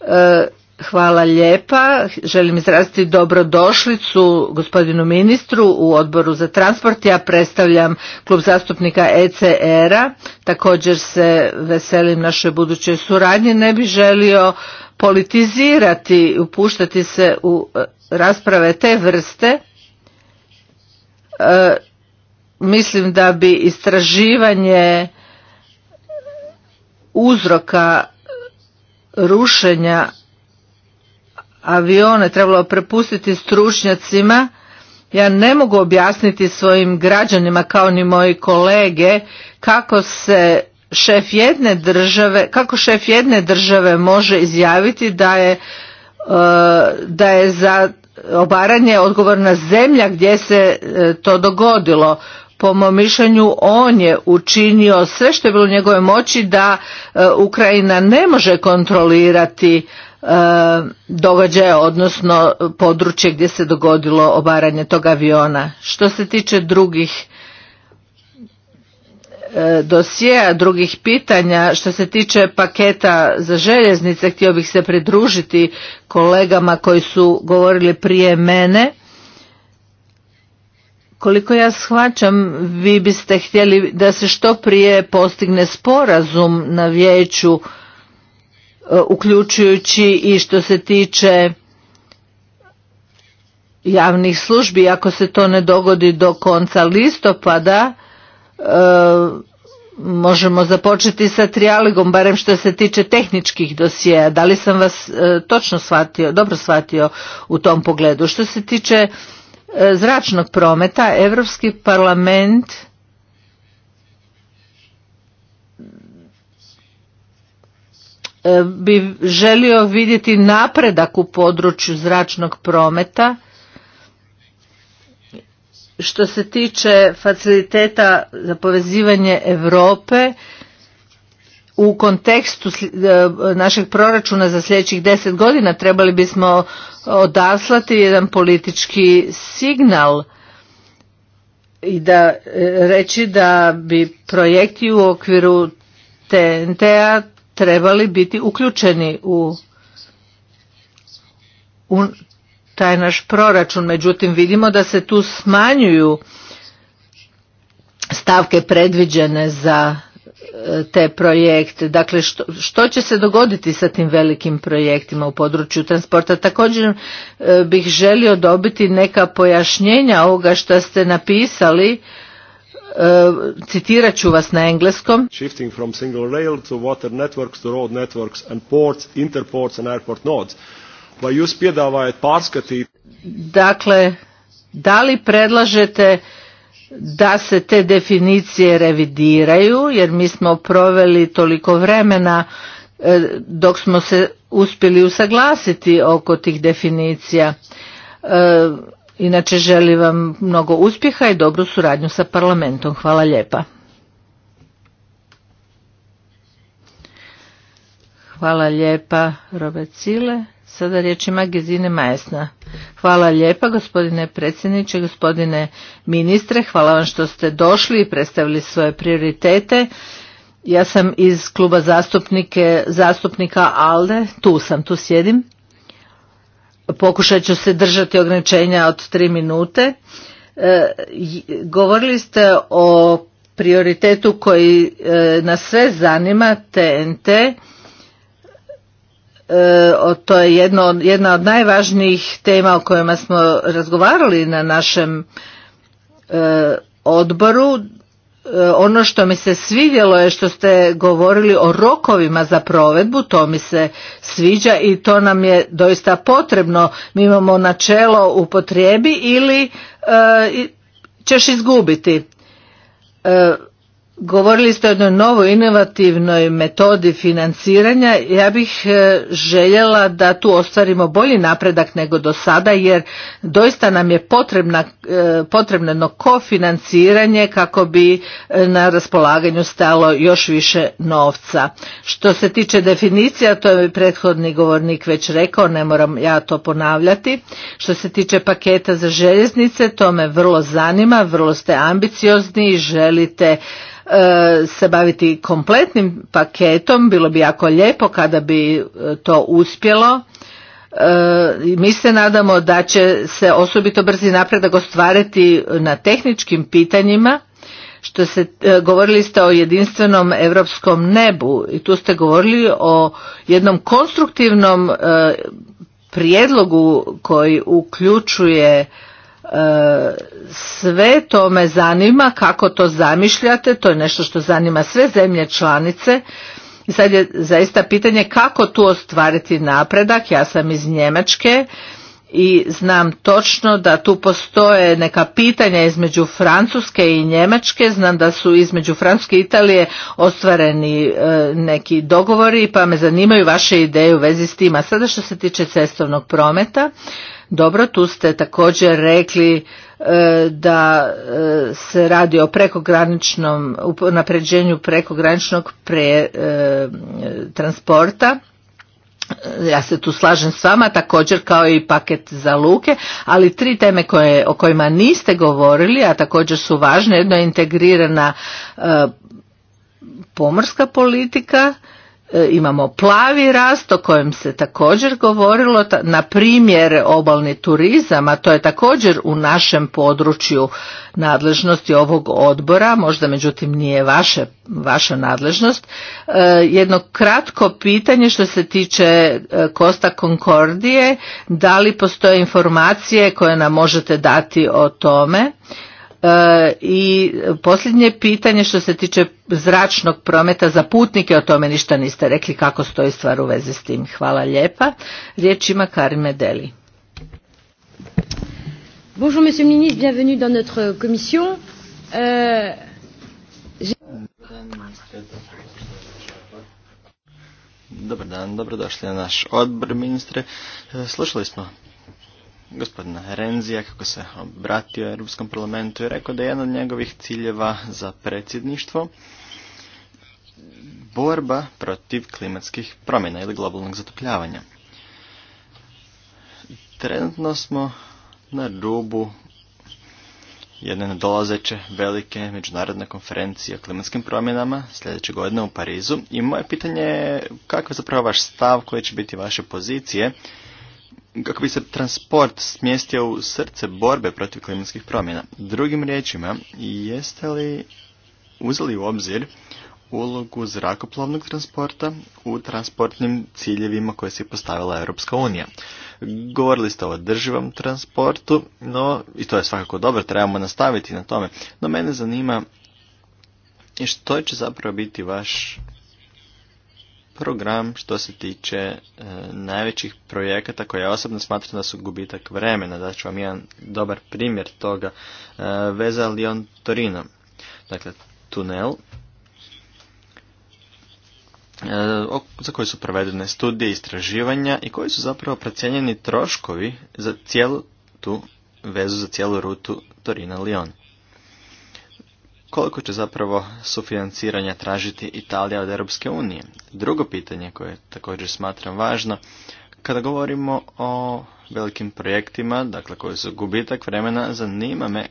E, Hvala lijepa. Želim izraziti dobrodošlicu gospodinu ministru u odboru za transport. Ja predstavljam klub zastupnika ECR-a. Također se veselim našoj budućoj suradnje. Ne bi želio politizirati i upuštati se u e, rasprave te vrste. E, mislim da bi istraživanje uzroka rušenja avione trebalo prepustiti stručnjacima ja ne mogu objasniti svojim građanima kao ni moji kolege kako se šef jedne države kako šef jedne države može izjaviti da je e, da je za obaranje odgovorna zemlja gdje se e, to dogodilo po mom mišljenju on je učinio sve što je bilo u njegove moći da e, Ukrajina ne može kontrolirati e, događaje, odnosno područje gdje se dogodilo obaranje tog aviona. Što se tiče drugih e, dosjeja, drugih pitanja, što se tiče paketa za željeznice, htio bih se pridružiti kolegama koji su govorili prije mene. Koliko ja shvaćam, vi biste htjeli da se što prije postigne sporazum na vijeću, e, uključujući i što se tiče javnih službi. Ako se to ne dogodi do konca listopada, e, možemo započeti sa trijaligom, barem što se tiče tehničkih dosjeja. Da li sam vas e, točno shvatio, dobro shvatio u tom pogledu? Što se tiče E, zračnog prometa Europski parlament e, bi želio vidjeti napredak u području zračnog prometa što se tiče faciliteta za povezivanje Europe u kontekstu e, našeg proračuna za sljedećih deset godina trebali bismo odaslati jedan politički signal i da e, reći da bi projekti u okviru TNT-a trebali biti uključeni u, u taj naš proračun. Međutim, vidimo da se tu smanjuju stavke predviđene za te projekte. Dakle, što, što će se dogoditi sa tim velikim projektima u području transporta? Također e, bih želio dobiti neka pojašnjenja ovoga što ste napisali. E, citirat ću vas na engleskom. Shifting from single rail to water networks to road networks and ports, interports and airport nodes. Dakle, da li predlažete da se te definicije revidiraju jer mi smo proveli toliko vremena e, dok smo se uspjeli usaglasiti oko tih definicija. E, inače želim vam mnogo uspjeha i dobru suradnju sa parlamentom. Hvala lijepa. Hvala lijepa Robert Sada riječ ima Gezine Majesna. Hvala lijepa gospodine predsjedniče, gospodine ministre, hvala vam što ste došli i predstavili svoje prioritete. Ja sam iz kluba zastupnike, zastupnika ALDE, tu sam, tu sjedim. Pokušat ću se držati ograničenja od tri minute. E, govorili ste o prioritetu koji e, nas sve zanima, TNT, E, to je jedno, jedna od najvažnijih tema o kojima smo razgovarali na našem e, odboru. E, ono što mi se svidjelo je što ste govorili o rokovima za provedbu, to mi se sviđa i to nam je doista potrebno. Mi imamo načelo u potrebi ili ćeš izgubiti. Govorili ste o jednoj novoj inovativnoj metodi financiranja. Ja bih e, željela da tu ostvarimo bolji napredak nego do sada jer doista nam je potrebna, e, potrebno kofinanciranje kako bi e, na raspolaganju stalo još više novca. Što se tiče definicija, to je prethodni govornik već rekao, ne moram ja to ponavljati. Što se tiče paketa za željeznice, to me vrlo zanima, vrlo ste ambiciozni i želite E, se baviti kompletnim paketom, bilo bi jako lijepo kada bi e, to uspjelo. E, mi se nadamo da će se osobito brzi napredak ostvariti na tehničkim pitanjima što se govorili ste o jedinstvenom europskom nebu i tu ste govorili o jednom konstruktivnom prijedlogu koji uključuje sve to me zanima kako to zamišljate, to je nešto što zanima sve zemlje članice. I sad je zaista pitanje kako tu ostvariti napredak. Ja sam iz Njemačke i znam točno da tu postoje neka pitanja između Francuske i Njemačke. Znam da su između Francuske i Italije ostvareni e, neki dogovori pa me zanimaju vaše ideje u vezi s tim. A sada što se tiče cestovnog prometa, dobro. Tu ste također rekli e, da e, se radi o prekograničnom napređenju prekograničnog pre, e, transporta ja se tu slažem s vama, također kao i paket za luke, ali tri teme koje, o kojima niste govorili, a također su važne, jedno je integrirana pomorska politika, E, imamo plavi rast o kojem se također govorilo, na primjer obalni turizam, a to je također u našem području nadležnosti ovog odbora, možda međutim nije vaše, vaša nadležnost. E, jedno kratko pitanje što se tiče Kosta e, Konkordije, da li postoje informacije koje nam možete dati o tome? E, I posljednje pitanje što se tiče zračnog prometa za putnike, o tome ništa niste rekli kako stoji stvar u vezi s tim. Hvala lijepa. Riječ ima Karime Deli. Bonjour monsieur le ministre, bienvenue dans notre commission. Euh, Dobar dan, dobrodošli na naš odbor, ministre. E, slušali smo gospodina Renzija kako se obratio Europskom parlamentu i rekao da je jedan od njegovih ciljeva za predsjedništvo borba protiv klimatskih promjena ili globalnog zatopljavanja. Trenutno smo na rubu jedne nadolazeće velike međunarodne konferencije o klimatskim promjenama sljedeće godine u Parizu i moje pitanje je kakav je zapravo vaš stav, koje će biti vaše pozicije kako bi se transport smjestio u srce borbe protiv klimatskih promjena. Drugim riječima, jeste li uzeli u obzir ulogu zrakoplovnog transporta u transportnim ciljevima koje se postavila Europska unija. Govorili ste o održivom transportu, no, i to je svakako dobro, trebamo nastaviti na tome, no mene zanima što će zapravo biti vaš program što se tiče e, najvećih projekata koje ja osobno smatram da su gubitak vremena. Da ću vam jedan dobar primjer toga. E, veza Lyon Torino. Dakle, tunel e, za koji su provedene studije, istraživanja i koji su zapravo procijenjeni troškovi za cijelu tu vezu, za cijelu rutu torino lyon koliko će zapravo sufinanciranja tražiti Italija od Europske unije. Drugo pitanje koje također smatram važno, kada govorimo o velikim projektima, dakle koji su gubitak vremena, zanima me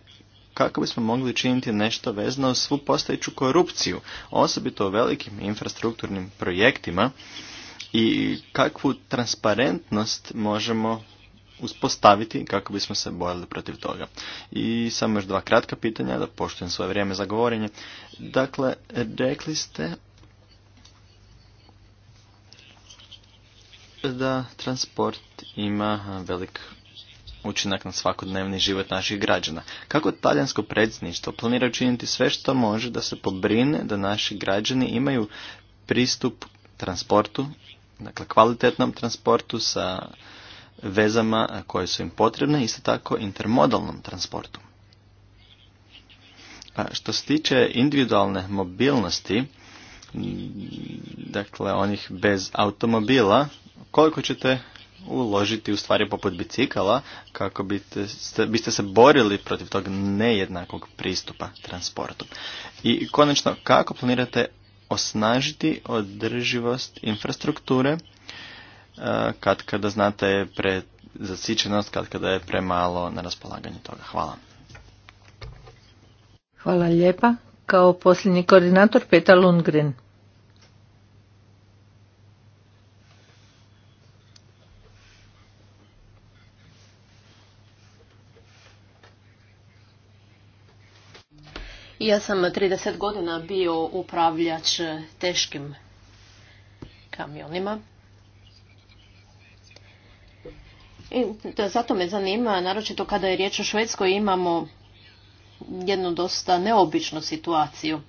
kako bismo mogli činiti nešto vezano uz svu postojeću korupciju, osobito u velikim infrastrukturnim projektima i kakvu transparentnost možemo uspostaviti kako bismo se bojali protiv toga. I samo još dva kratka pitanja, da poštujem svoje vrijeme za govorenje. Dakle, rekli ste da transport ima velik učinak na svakodnevni život naših građana. Kako talijansko predsjedništvo planira učiniti sve što može da se pobrine da naši građani imaju pristup transportu, dakle kvalitetnom transportu sa vezama koje su im potrebne, isto tako intermodalnom transportu. što se tiče individualne mobilnosti, dakle onih bez automobila, koliko ćete uložiti u stvari poput bicikala kako biste, biste se borili protiv tog nejednakog pristupa transportu. I konačno, kako planirate osnažiti održivost infrastrukture kad kada znate je pre zasićenost, kad kada je premalo na raspolaganje toga. Hvala. Hvala lijepa. Kao posljednji koordinator Petar Lundgren. Ja sam 30 godina bio upravljač teškim kamionima. I zato me zanima, naročito kada je riječ o Švedskoj, imamo jednu dosta neobičnu situaciju.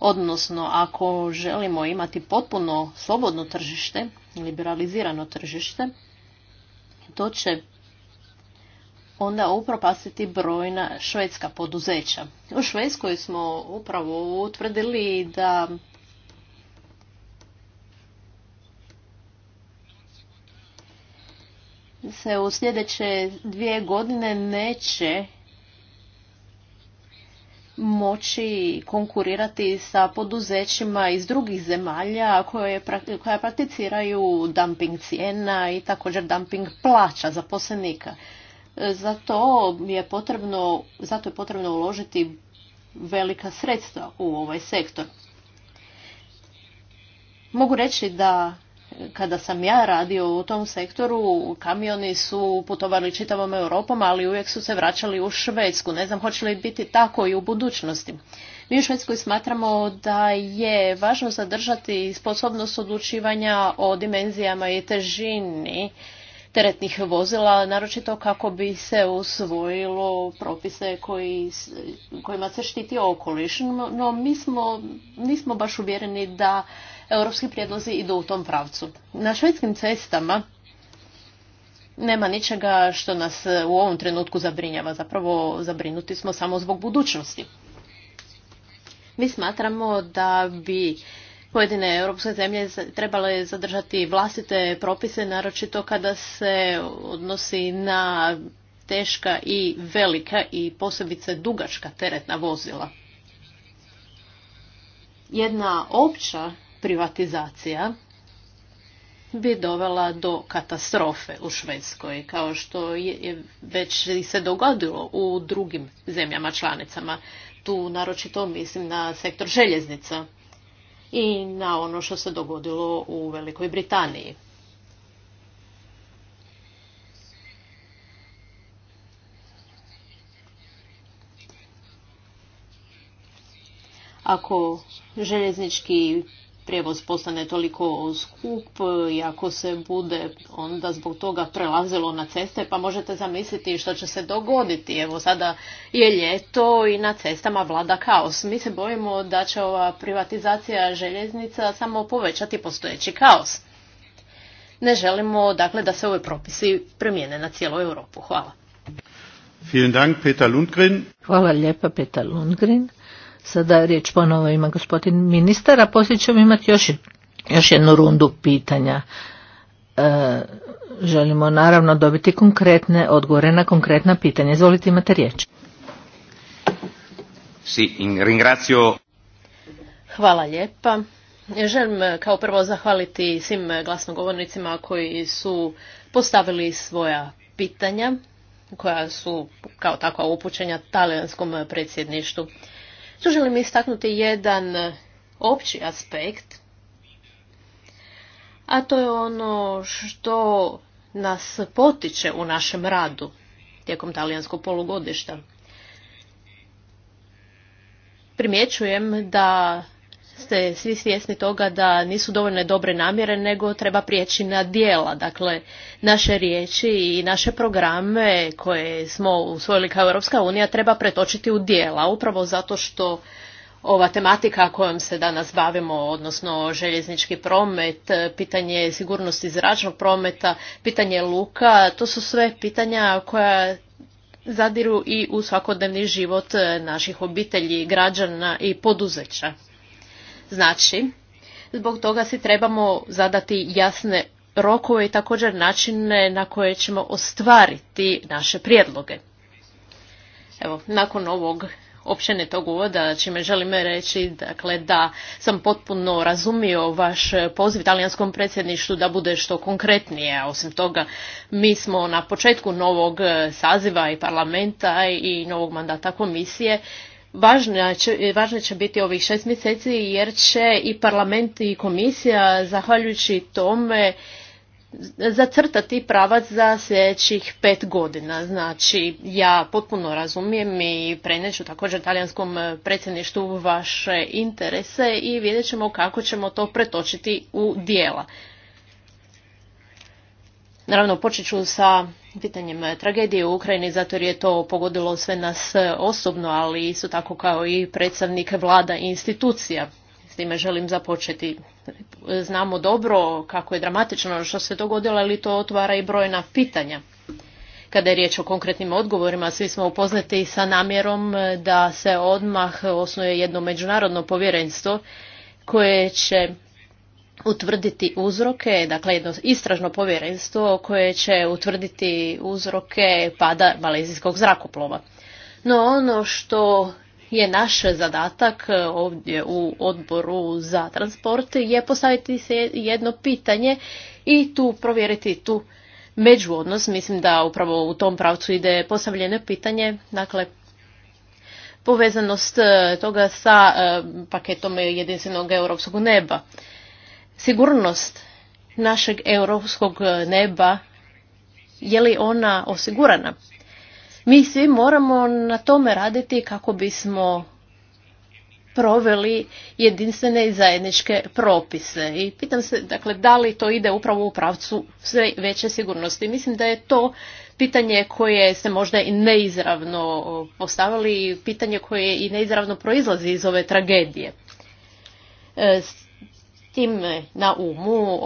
Odnosno, ako želimo imati potpuno slobodno tržište, liberalizirano tržište, to će onda upropastiti brojna švedska poduzeća. U Švedskoj smo upravo utvrdili da se u sljedeće dvije godine neće moći konkurirati sa poduzećima iz drugih zemalja koje, koja prakticiraju dumping cijena i također dumping plaća zaposlenika. Zato je zato je potrebno uložiti velika sredstva u ovaj sektor. Mogu reći da kada sam ja radio u tom sektoru, kamioni su putovali čitavom Europom, ali uvijek su se vraćali u Švedsku. Ne znam hoće li biti tako i u budućnosti. Mi u Švedskoj smatramo da je važno zadržati sposobnost odlučivanja o dimenzijama i težini teretnih vozila, naročito kako bi se usvojilo propise koji, kojima se štiti okoliš. No, mi smo, nismo baš uvjereni da europski prijedlozi idu u tom pravcu. Na švedskim cestama nema ničega što nas e, u ovom trenutku zabrinjava. Zapravo zabrinuti smo samo zbog budućnosti. Mi smatramo da bi pojedine europske zemlje trebale zadržati vlastite propise, naročito kada se odnosi na teška i velika i posebice dugačka teretna vozila. Jedna opća privatizacija bi dovela do katastrofe u Švedskoj, kao što je već se dogodilo u drugim zemljama članicama. Tu naročito mislim na sektor željeznica i na ono što se dogodilo u Velikoj Britaniji. Ako željeznički prijevoz postane toliko skup i ako se bude onda zbog toga prelazilo na ceste, pa možete zamisliti što će se dogoditi. Evo sada je ljeto i na cestama vlada kaos. Mi se bojimo da će ova privatizacija željeznica samo povećati postojeći kaos. Ne želimo dakle da se ove propisi premijene na cijelu Europu. Hvala. Hvala lijepa Peter Lundgren. Sada riječ ponovo ima gospodin ministar, a poslije ćemo imati još, još jednu rundu pitanja. E, želimo naravno dobiti konkretne odgovore na konkretna pitanja. Izvolite imate riječ. Hvala lijepa. Želim e, kao prvo zahvaliti svim glasnogovornicima koji su postavili svoja pitanja koja su kao takva upućenja talijanskom predsjedništu. Tu želim istaknuti jedan opći aspekt, a to je ono što nas potiče u našem radu tijekom talijanskog polugodišta. Primjećujem da ste svi svjesni toga da nisu dovoljne dobre namjere, nego treba prijeći na dijela. Dakle, naše riječi i naše programe koje smo usvojili kao Europska unija treba pretočiti u dijela, upravo zato što ova tematika kojom se danas bavimo, odnosno željeznički promet, pitanje sigurnosti zračnog prometa, pitanje luka, to su sve pitanja koja zadiru i u svakodnevni život naših obitelji, građana i poduzeća. Znači, zbog toga si trebamo zadati jasne rokove i također načine na koje ćemo ostvariti naše prijedloge. Evo, nakon ovog tog uvoda, čime želim reći dakle, da sam potpuno razumio vaš poziv italijanskom predsjedništvu da bude što konkretnije. Osim toga, mi smo na početku novog saziva i parlamenta i novog mandata komisije Važno će, biti ovih šest mjeseci jer će i parlament i komisija zahvaljujući tome zacrtati pravac za sljedećih pet godina. Znači, ja potpuno razumijem i preneću također talijanskom predsjedništvu vaše interese i vidjet ćemo kako ćemo to pretočiti u dijela. Naravno, počet ću sa pitanjem tragedije u Ukrajini, zato jer je to pogodilo sve nas osobno, ali isto tako kao i predstavnike vlada i institucija. S time želim započeti. Znamo dobro kako je dramatično što se dogodilo, ali to otvara i brojna pitanja. Kada je riječ o konkretnim odgovorima, svi smo upoznati sa namjerom da se odmah osnuje jedno međunarodno povjerenstvo koje će utvrditi uzroke, dakle jedno istražno povjerenstvo koje će utvrditi uzroke pada malezijskog zrakoplova. No ono što je naš zadatak ovdje u odboru za transport je postaviti se jedno pitanje i tu provjeriti tu međuodnos. Mislim da upravo u tom pravcu ide postavljeno pitanje, dakle povezanost toga sa eh, paketom jedinstvenog europskog neba sigurnost našeg europskog e, neba, je li ona osigurana? Mi svi moramo na tome raditi kako bismo proveli jedinstvene i zajedničke propise. I pitam se, dakle, da li to ide upravo u pravcu sve veće sigurnosti. Mislim da je to pitanje koje ste možda i neizravno postavili, pitanje koje i neizravno proizlazi iz ove tragedije. E, tim na umu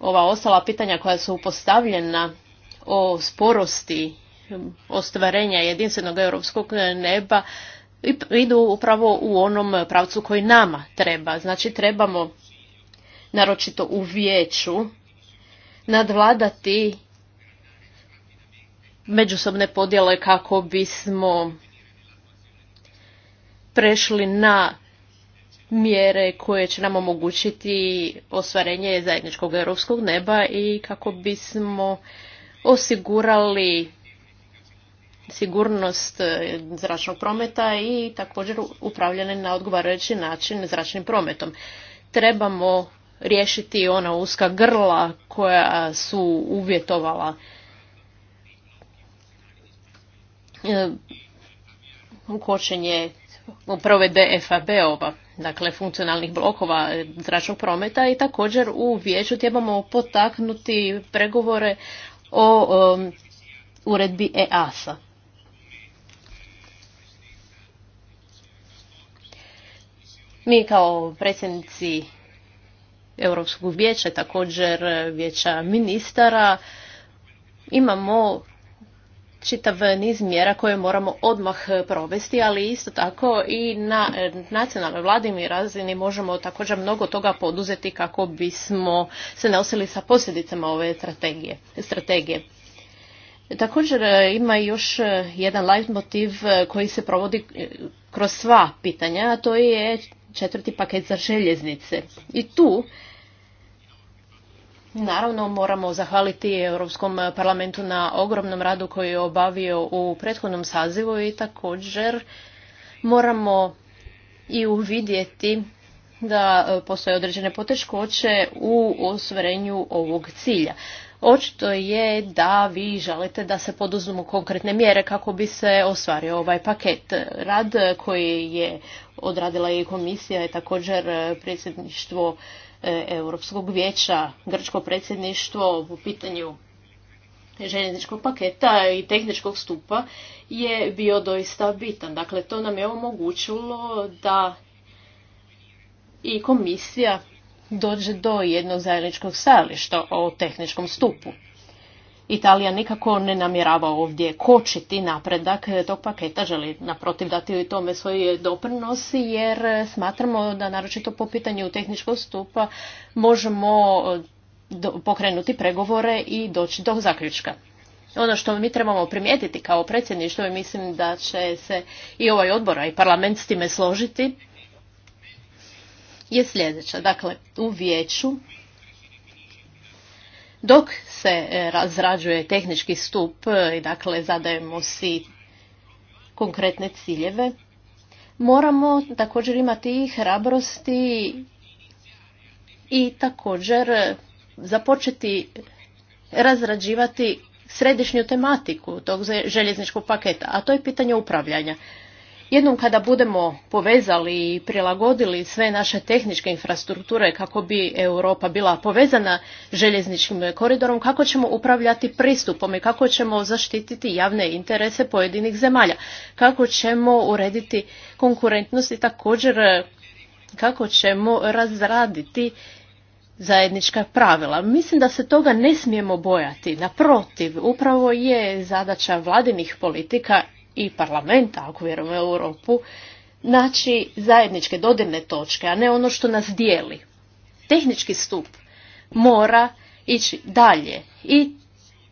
ova ostala pitanja koja su postavljena o sporosti ostvarenja jedinstvenog europskog neba idu upravo u onom pravcu koji nama treba. Znači trebamo, naročito u vijeću, nadvladati međusobne podjele kako bismo prešli na mjere koje će nam omogućiti ostvarenje zajedničkog europskog neba i kako bismo osigurali sigurnost eh, zračnog prometa i također upravljanje na odgovarajući način zračnim prometom. Trebamo riješiti ona uska grla koja su uvjetovala eh, kočenje provedbe FAB-ova dakle funkcionalnih blokova zračnog prometa i također u vijeću trebamo potaknuti pregovore o um, uredbi EASA. Mi kao predsjednici Europskog vijeća, također vijeća ministara, imamo čitav niz mjera koje moramo odmah provesti, ali isto tako i na nacionalnoj vladini razini možemo također mnogo toga poduzeti kako bismo se nosili sa posljedicama ove strategije. strategije. Također ima još jedan leitmotiv motiv koji se provodi kroz sva pitanja, a to je četvrti paket za željeznice. I tu Naravno moramo zahvaliti Europskom parlamentu na ogromnom radu koji je obavio u prethodnom sazivu i također moramo i uvidjeti da postoje određene poteškoće u osvarenju ovog cilja. Očito je da vi želite da se poduzmu konkretne mjere kako bi se ostvario ovaj paket. Rad koji je odradila i komisija je također predsjedništvo e, Europskog vijeća, grčko predsjedništvo u pitanju željezničkog paketa i tehničkog stupa je bio doista bitan. Dakle, to nam je omogućilo da i komisija dođe do jednog zajedničkog stajališta o tehničkom stupu. Italija nikako ne namjerava ovdje kočiti napredak tog paketa, želi naprotiv dati tome svoj doprinos jer smatramo da naročito po pitanju tehničkog stupa možemo pokrenuti pregovore i doći do zaključka. Ono što mi trebamo primijetiti kao predsjedništvo i mislim da će se i ovaj odbor, i parlament s time složiti, je sljedeća. Dakle, u vijeću dok se e, razrađuje tehnički stup e, i dakle zadajemo si konkretne ciljeve, moramo također imati i hrabrosti i također e, započeti razrađivati središnju tematiku tog željezničkog paketa, a to je pitanje upravljanja. Jednom kada budemo povezali i prilagodili sve naše tehničke infrastrukture kako bi Europa bila povezana željezničkim koridorom, kako ćemo upravljati pristupom i kako ćemo zaštititi javne interese pojedinih zemalja, kako ćemo urediti konkurentnost i također kako ćemo razraditi zajednička pravila. Mislim da se toga ne smijemo bojati. Naprotiv, upravo je zadaća vladinih politika i parlamenta, ako vjerujemo Europu, naći zajedničke dodirne točke, a ne ono što nas dijeli. Tehnički stup mora ići dalje i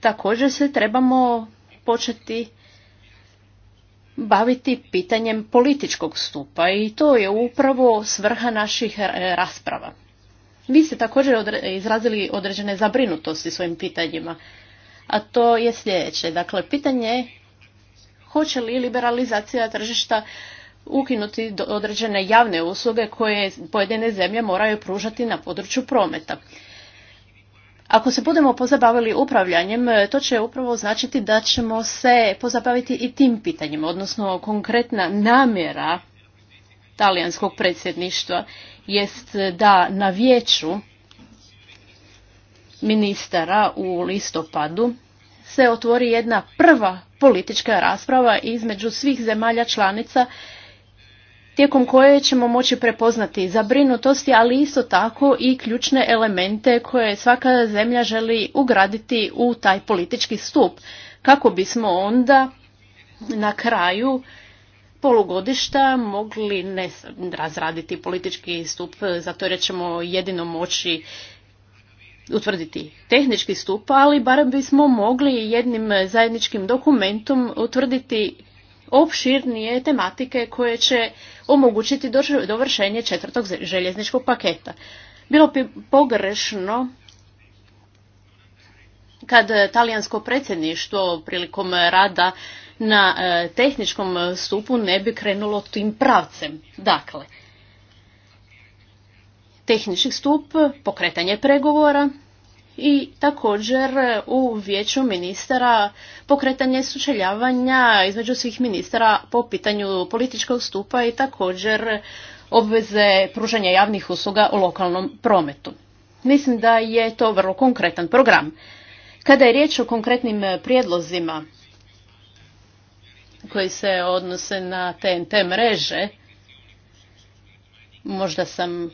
također se trebamo početi baviti pitanjem političkog stupa i to je upravo svrha naših e, rasprava. Vi ste također izrazili određene zabrinutosti svojim pitanjima, a to je sljedeće. Dakle, pitanje hoće li liberalizacija tržišta ukinuti određene javne usluge koje pojedine zemlje moraju pružati na području prometa. Ako se budemo pozabavili upravljanjem, e, to će upravo značiti da ćemo se pozabaviti i tim pitanjima, odnosno konkretna namjera talijanskog predsjedništva jest da na vijeću ministara u listopadu se otvori jedna prva politička rasprava između svih zemalja članica tijekom koje ćemo moći prepoznati zabrinutosti, ali isto tako i ključne elemente koje svaka zemlja želi ugraditi u taj politički stup, kako bismo onda na kraju polugodišta mogli ne razraditi politički stup, zato jer ćemo jedino moći utvrditi tehnički stup, ali barem bismo mogli jednim zajedničkim dokumentom utvrditi opširnije tematike koje će omogućiti dovršenje četvrtog željezničkog paketa. Bilo bi pogrešno kad talijansko predsjedništvo prilikom rada na e, tehničkom stupu ne bi krenulo tim pravcem. Dakle, tehnički stup, pokretanje pregovora i također u vijeću ministara pokretanje sučeljavanja između svih ministara po pitanju političkog stupa i također obveze pružanja javnih usluga u lokalnom prometu. Mislim da je to vrlo konkretan program. Kada je riječ o konkretnim prijedlozima koji se odnose na TNT mreže, možda sam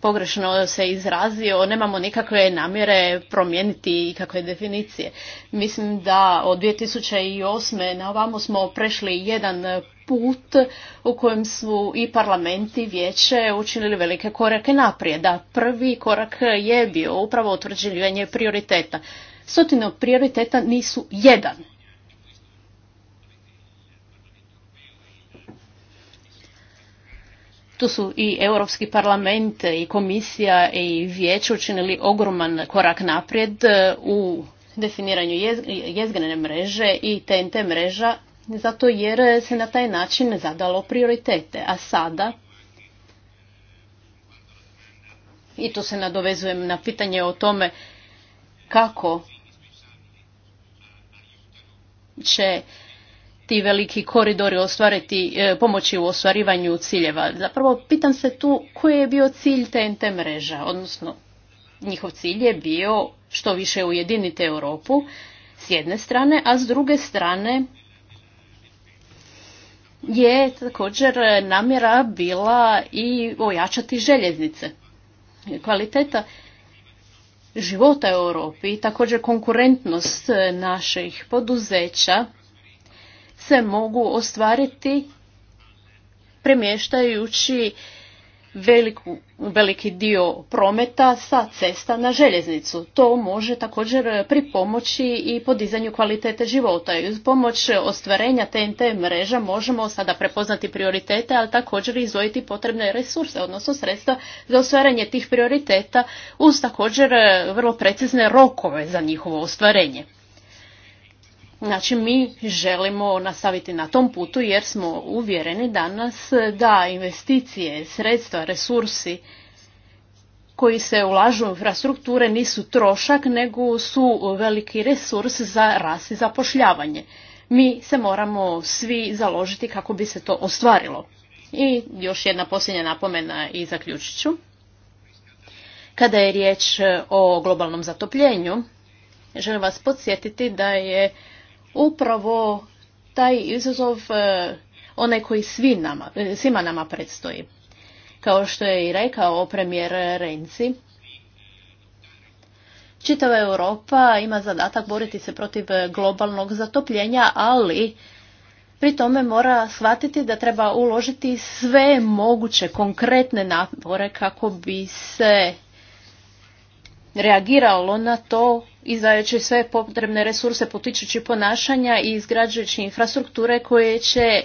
pogrešno se izrazio, nemamo nikakve namjere promijeniti ikakve definicije. Mislim da od 2008. na ovamo smo prešli jedan put u kojem su i parlamenti i vijeće učinili velike korake naprijed. da prvi korak je bio upravo utvrđivanje prioriteta. Stotino prioriteta nisu jedan. tu su i Europski parlament i komisija i vijeće učinili ogroman korak naprijed e, u definiranju jezgrene mreže i TNT mreža, zato jer se na taj način zadalo prioritete. A sada, i tu se nadovezujem na pitanje o tome kako će ti veliki koridori ostvariti, e, pomoći u ostvarivanju ciljeva. Zapravo pitam se tu koji je bio cilj TNT mreža, odnosno njihov cilj je bio što više ujediniti Europu s jedne strane, a s druge strane je također namjera bila i ojačati željeznice. Kvaliteta života u Europi, također konkurentnost naših poduzeća se mogu ostvariti premještajući veliki dio prometa sa cesta na željeznicu. To može također pripomoći i podizanju kvalitete života. I uz pomoć ostvarenja TNT mreža možemo sada prepoznati prioritete, ali također izvojiti potrebne resurse, odnosno sredstva za ostvarenje tih prioriteta uz također vrlo precizne rokove za njihovo ostvarenje. Znači, mi želimo nastaviti na tom putu jer smo uvjereni danas da investicije, sredstva, resursi koji se ulažu u infrastrukture nisu trošak, nego su veliki resurs za rast i zapošljavanje. Mi se moramo svi založiti kako bi se to ostvarilo. I još jedna posljednja napomena i zaključit ću. Kada je riječ o globalnom zatopljenju, želim vas podsjetiti da je upravo taj izazov e, onaj koji svi nama, e, svima nama predstoji. Kao što je i rekao premijer Renzi, čitava Europa ima zadatak boriti se protiv globalnog zatopljenja, ali pri tome mora shvatiti da treba uložiti sve moguće konkretne napore kako bi se reagiralo na to izdajući sve potrebne resurse, potičući ponašanja i izgrađujući infrastrukture koje će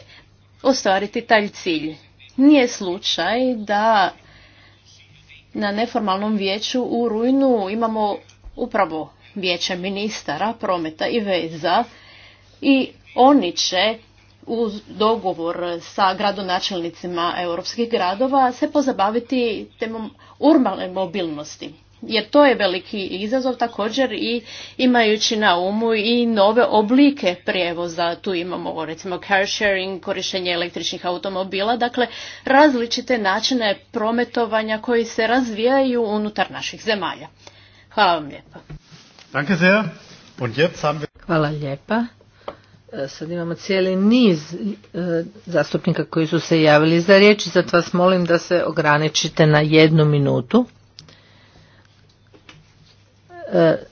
ostvariti taj cilj. Nije slučaj da na neformalnom vijeću u Rujnu imamo upravo vijeće ministara prometa i veza i oni će u dogovor sa gradonačelnicima europskih gradova se pozabaviti temom urbane mobilnosti jer to je veliki izazov također i imajući na umu i nove oblike prijevoza. Tu imamo recimo car sharing, korištenje električnih automobila, dakle različite načine prometovanja koji se razvijaju unutar naših zemalja. Hvala vam lijepa. Hvala lijepa. E, sad imamo cijeli niz e, zastupnika koji su se javili za riječ, zato vas molim da se ograničite na jednu minutu. E,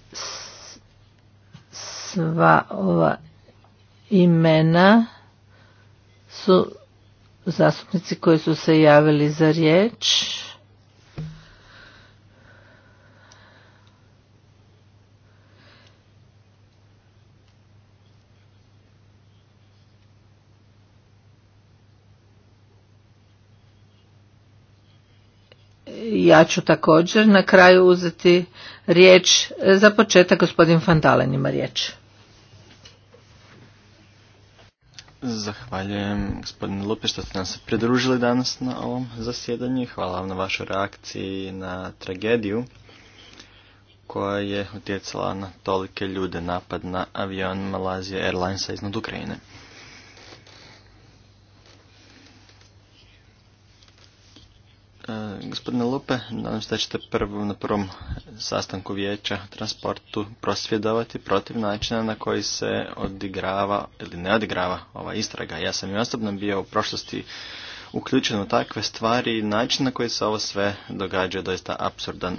sva ova imena su zastupnici koji su se javili za riječ ja ću također na kraju uzeti riječ. Za početak gospodin Fandalen ima riječ. Zahvaljujem gospodin Lupi što ste nam se pridružili danas na ovom zasjedanju. Hvala vam na vašoj reakciji na tragediju koja je utjecala na tolike ljude napad na avion Malazije Airlinesa iznad Ukrajine. E, gospodine Lupe, nadam se da ćete na prvom sastanku vijeća transportu prosvjedovati protiv načina na koji se odigrava ili ne odigrava ova istraga. Ja sam i osobno bio u prošlosti uključen u takve stvari i način na koji se ovo sve događa je doista absurdan.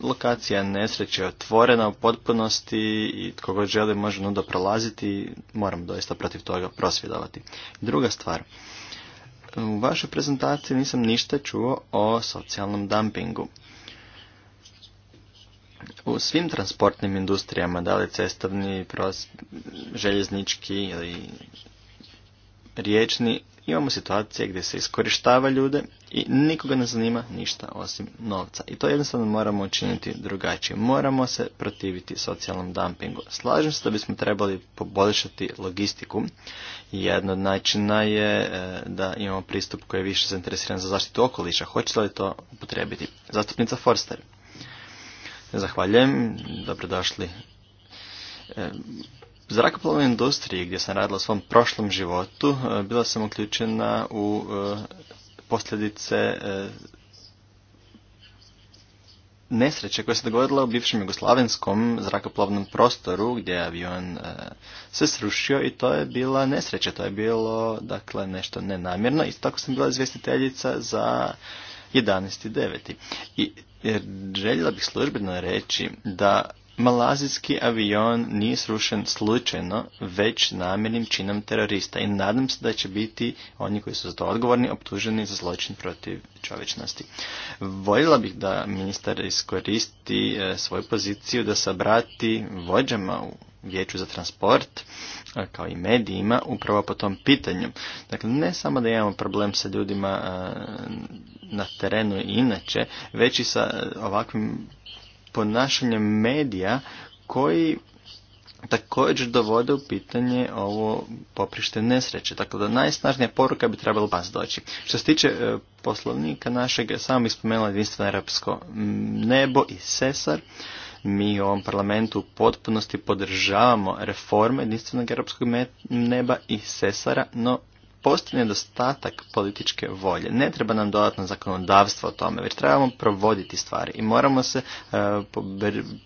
lokacija nesreće je otvorena u potpunosti i tko god želi može nudo prolaziti moram doista protiv toga prosvjedovati. Druga stvar, u vašoj prezentaciji nisam ništa čuo o socijalnom dumpingu. U svim transportnim industrijama, da li cestovni, željeznički ili riječni, imamo situacije gdje se iskorištava ljude i nikoga ne zanima ništa osim novca. I to jednostavno moramo učiniti drugačije. Moramo se protiviti socijalnom dumpingu. Slažem se da bismo trebali poboljšati logistiku. Jedna od načina je e, da imamo pristup koji je više zainteresiran za zaštitu okoliša. Hoće li to upotrebiti? Zastupnica Forster. Zahvaljujem. Dobrodošli e, zrakoplovnoj industriji gdje sam radila u svom prošlom životu e, bila sam uključena u e, posljedice e, nesreće koja se dogodila u bivšem jugoslavenskom zrakoplovnom prostoru gdje je avion se srušio i to je bila nesreća, to je bilo dakle nešto nenamjerno i tako sam bila izvjestiteljica za 11.9. I željela bih službeno reći da Malazijski avion nije srušen slučajno, već namjernim činom terorista i nadam se da će biti oni koji su za to odgovorni optuženi za zločin protiv čovječnosti. Voljela bih da ministar iskoristi e, svoju poziciju da se obrati vođama u vijeću za transport, e, kao i medijima, upravo po tom pitanju. Dakle, ne samo da imamo problem sa ljudima e, na terenu i inače, već i sa ovakvim ponašanjem medija koji također dovode u pitanje ovo poprište nesreće. Tako da najsnažnija poruka bi trebala vas doći. Što se tiče e, poslovnika našeg, sam bih spomenula jedinstveno europsko nebo i sesar. Mi u ovom parlamentu u potpunosti podržavamo reforme jedinstvenog europskog neba i sesara, no postoji nedostatak političke volje. Ne treba nam dodatno zakonodavstvo o tome, već trebamo provoditi stvari i moramo se e,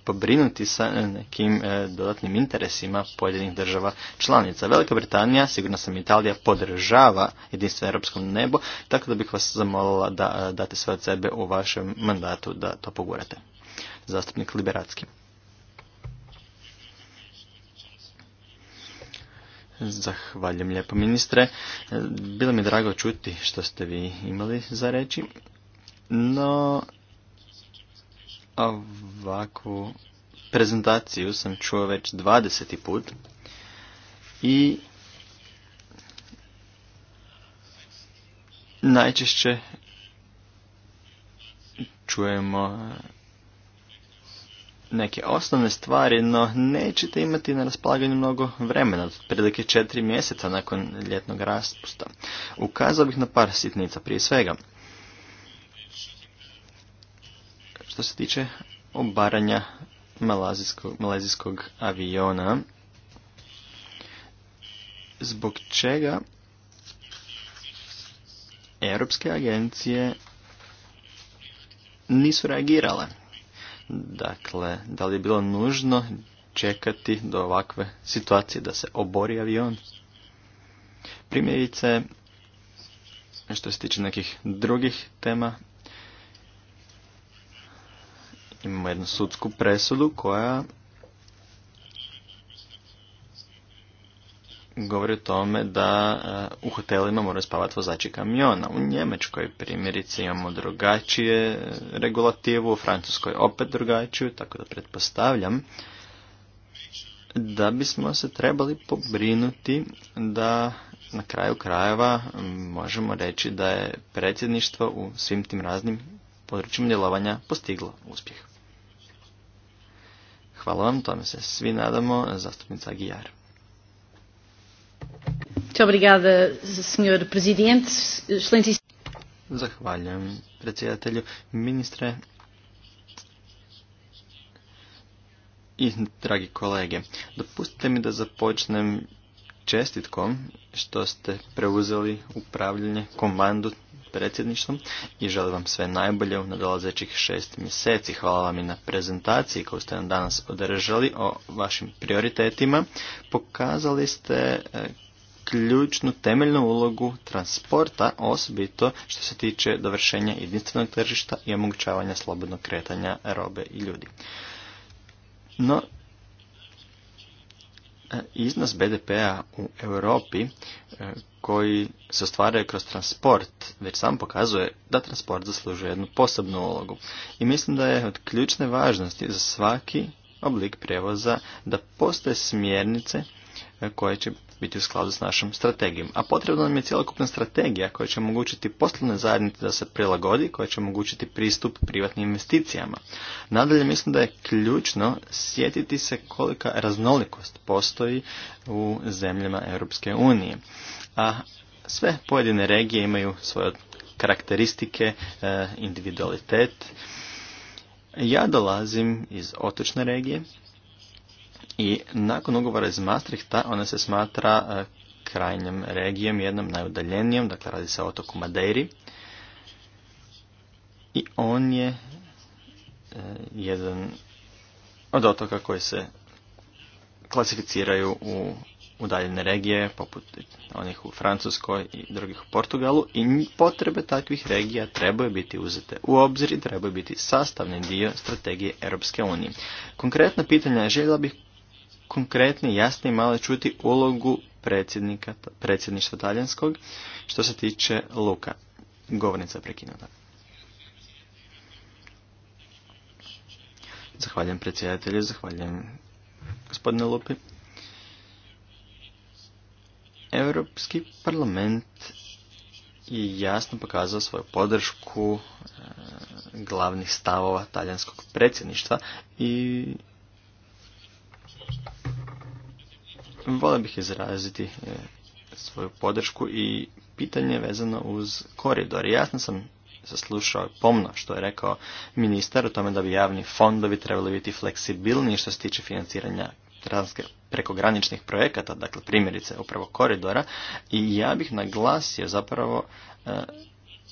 pobrinuti sa nekim e, dodatnim interesima pojedinih država članica. Velika Britanija, sigurno sam Italija, podržava jedinstvo europskom nebo, tako da bih vas zamolila da e, date sve od sebe u vašem mandatu da to pogurate. Zastupnik Liberacki. Zahvaljujem lijepo ministre. Bilo mi drago čuti što ste vi imali za reći. No, ovakvu prezentaciju sam čuo već 20. put i najčešće čujemo neke osnovne stvari, no nećete imati na raspolaganju mnogo vremena, otprilike četiri mjeseca nakon ljetnog raspusta. Ukazao bih na par sitnica prije svega. Što se tiče obaranja malazijskog, malazijskog aviona, zbog čega europske agencije nisu reagirale Dakle, da li je bilo nužno čekati do ovakve situacije da se obori avion? Primjerice, što se tiče nekih drugih tema, imamo jednu sudsku presudu koja govori o tome da e, u hotelima moraju spavati vozači kamiona. U Njemačkoj primjerice imamo drugačije e, regulativu, u Francuskoj opet drugačiju, tako da pretpostavljam da bismo se trebali pobrinuti da na kraju krajeva možemo reći da je predsjedništvo u svim tim raznim područjima djelovanja postiglo uspjeh. Hvala vam, tome se svi nadamo, zastupnica Gijar. Muito obrigada, Presidente. Zahvaljujem predsjedatelju. Ministre i dragi kolege, dopustite mi da započnem čestitkom što ste preuzeli upravljanje komandu predsjedništvom i želim vam sve najbolje u nadolazećih šest mjeseci. Hvala vam i na prezentaciji koju ste nam danas održali o vašim prioritetima. Pokazali ste eh, ključnu temeljnu ulogu transporta, osobito što se tiče dovršenja jedinstvenog tržišta i omogućavanja slobodnog kretanja robe i ljudi. No, e, iznos BDP-a u Europi e, koji se ostvaraju kroz transport već sam pokazuje da transport zaslužuje jednu posebnu ulogu. I mislim da je od ključne važnosti za svaki oblik prijevoza da postoje smjernice koje će biti u skladu s našom strategijom. A potrebna nam je cjelokupna strategija koja će omogućiti poslovne zajednice da se prilagodi, koja će omogućiti pristup privatnim investicijama. Nadalje mislim da je ključno sjetiti se kolika raznolikost postoji u zemljama Europske unije. A sve pojedine regije imaju svoje karakteristike, e, individualitet. Ja dolazim iz otočne regije i nakon ugovora iz Maastrichta ona se smatra e, krajnjom regijom, jednom najudaljenijom, dakle radi se o otoku Madeiri. I on je e, jedan od otoka koji se klasificiraju u udaljene regije, poput onih u Francuskoj i drugih u Portugalu, i potrebe takvih regija trebaju biti uzete u obzir i trebaju biti sastavni dio strategije Europske unije. Konkretna pitanja željela bih konkretni, jasni i malo čuti ulogu predsjednika, predsjedništva talijanskog što se tiče luka. Govornica je prekinuta. Zahvaljujem predsjedatelju, zahvaljujem gospodine Lupi. Europski parlament je jasno pokazao svoju podršku e, glavnih stavova talijanskog predsjedništva i Vole bih izraziti e, svoju podršku i pitanje vezano uz koridor. Jasno sam saslušao pomno što je rekao ministar o tome da bi javni fondovi trebali biti fleksibilniji što se tiče financiranja prekograničnih projekata, dakle primjerice upravo koridora i ja bih naglasio zapravo e,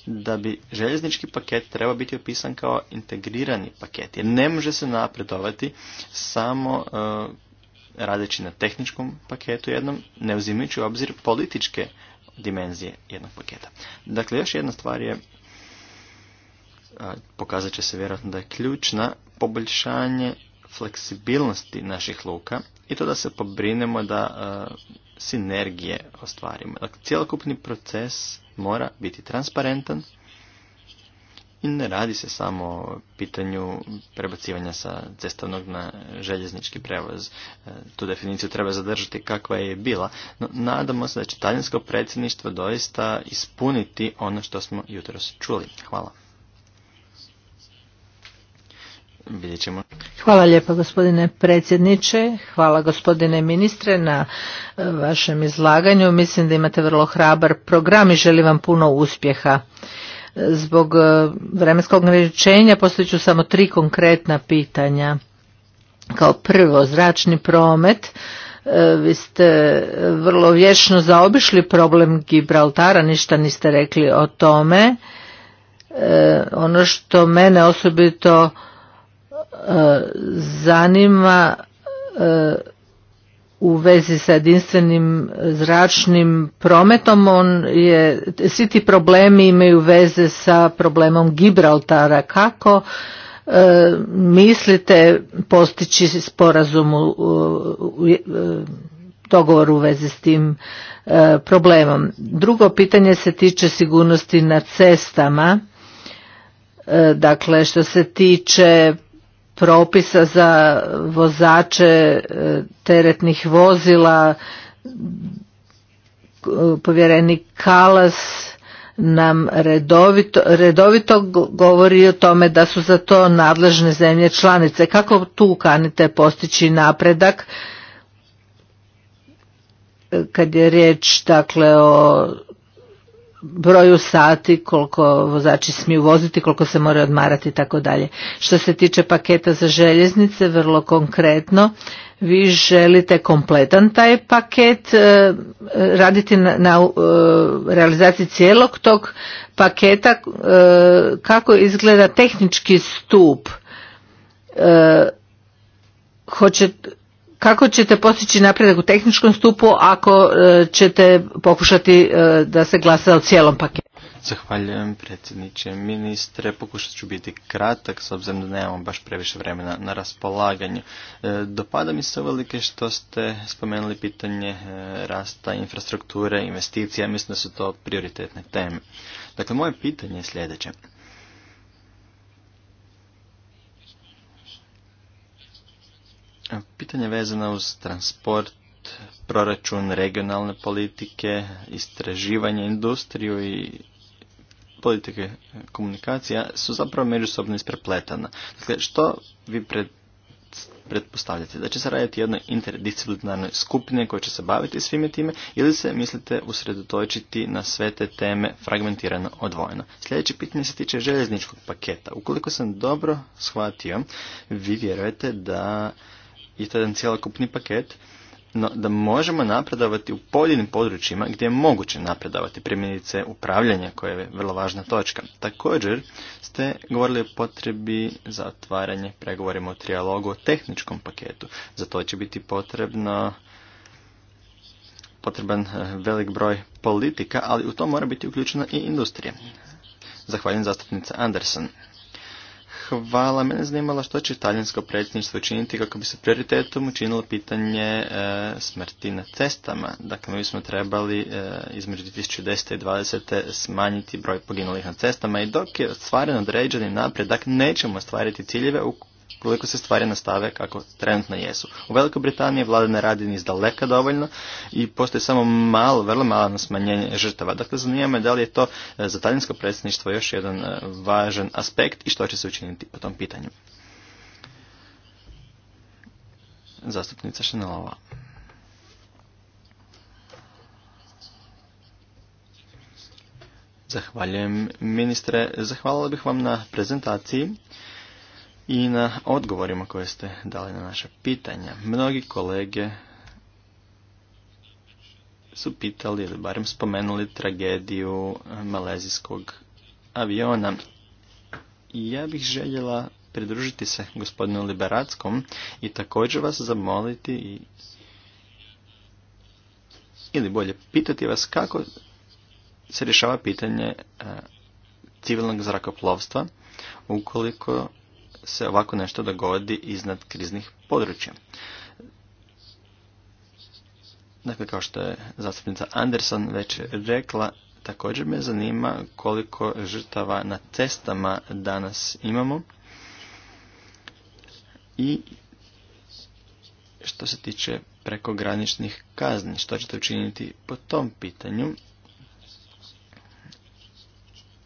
da bi željeznički paket trebao biti opisan kao integrirani paket jer ne može se napredovati samo e, radeći na tehničkom paketu jednom, ne uzimajući u obzir političke dimenzije jednog paketa. Dakle, još jedna stvar je, pokazat će se vjerojatno da je ključna poboljšanje fleksibilnosti naših luka i to da se pobrinemo da sinergije ostvarimo. Dakle, cijelokupni proces mora biti transparentan, i ne radi se samo o pitanju prebacivanja sa cestovnog na željeznički prevoz. E, tu definiciju treba zadržati kakva je bila, no nadamo se da će talijansko predsjedništvo doista ispuniti ono što smo jutros čuli. Hvala. Hvala lijepa gospodine predsjedniče, hvala gospodine ministre na e, vašem izlaganju. Mislim da imate vrlo hrabar program i želim vam puno uspjeha. Zbog e, vremenskog ograničenja postavit ću samo tri konkretna pitanja. Kao prvo, zračni promet. E, vi ste vrlo vječno zaobišli problem Gibraltara, ništa niste rekli o tome. E, ono što mene osobito zanima u vezi sa jedinstvenim zračnim prometom on je svi ti problemi imaju veze sa problemom Gibraltara kako e, mislite postići sporazum u, u, u e, dogovor u vezi s tim e, problemom drugo pitanje se tiče sigurnosti na cestama dakle što se tiče propisa za vozače e, teretnih vozila povjerenik Kalas nam redovito, redovito govori o tome da su za to nadležne zemlje članice. Kako tu kanite postići napredak e, kad je riječ dakle o broju sati koliko vozači smiju voziti, koliko se moraju odmarati i tako dalje. Što se tiče paketa za željeznice, vrlo konkretno, vi želite kompletan taj paket, e, raditi na, e, realizaciji cijelog tog paketa, e, kako izgleda tehnički stup, hoćete kako ćete postići napredak u tehničkom stupu ako e, ćete pokušati e, da se glasa o cijelom paketu? Zahvaljujem predsjedniče ministre. Pokušat ću biti kratak s obzirom da nemamo baš previše vremena na raspolaganju. E, dopada mi se velike što ste spomenuli pitanje rasta infrastrukture, investicija. Mislim da su to prioritetne teme. Dakle, moje pitanje je sljedeće. E, pitanje vezano uz transport, proračun regionalne politike, istraživanje industriju i politike komunikacija su zapravo međusobno isprepletana. Dakle, što vi pred, pretpostavljate? Da će se raditi jednoj interdisciplinarnoj skupini koja će se baviti svime time ili se mislite usredotočiti na sve te teme fragmentirano odvojeno? Sljedeće pitanje se tiče željezničkog paketa. Ukoliko sam dobro shvatio, vi vjerujete da i to je jedan cjelokupni paket, no da možemo napredovati u pojedinim područjima gdje je moguće napredovati primjenice upravljanja koje je vrlo važna točka. Također ste govorili o potrebi za otvaranje pregovorima o trijalogu o tehničkom paketu. Za to će biti potrebno potreban eh, velik broj politika, ali u to mora biti uključena i industrija. Zahvaljujem zastupnica Anderson. Hvala. Mene zanimala što će talijansko predsjedništvo učiniti kako bi se prioritetom učinilo pitanje e, smrti na cestama. Dakle, mi smo trebali e, između 2010. i 2020. smanjiti broj poginulih na cestama i dok je ostvaren određeni napredak nećemo ostvariti ciljeve u koliko se stvari nastave kako trenutno jesu. U Velikoj Britaniji vlada ne radi ni izdaleka dovoljno i postoji samo malo, vrlo malo smanjenje žrtava. Dakle, zanima me da li je to e, za talijansko predsjedništvo još jedan e, važan aspekt i što će se učiniti po tom pitanju. Zastupnica Šenelova. Zahvaljujem ministre. Zahvalila bih vam na prezentaciji i na odgovorima koje ste dali na naša pitanja. Mnogi kolege su pitali ili barem spomenuli tragediju eh, malezijskog aviona. I ja bih željela pridružiti se gospodinu Liberackom i također vas zamoliti i ili bolje pitati vas kako se rješava pitanje eh, civilnog zrakoplovstva ukoliko se ovako nešto dogodi iznad kriznih područja. Dakle, kao što je zastupnica Anderson već rekla, također me zanima koliko žrtava na cestama danas imamo. I što se tiče prekograničnih kazni, što ćete učiniti po tom pitanju?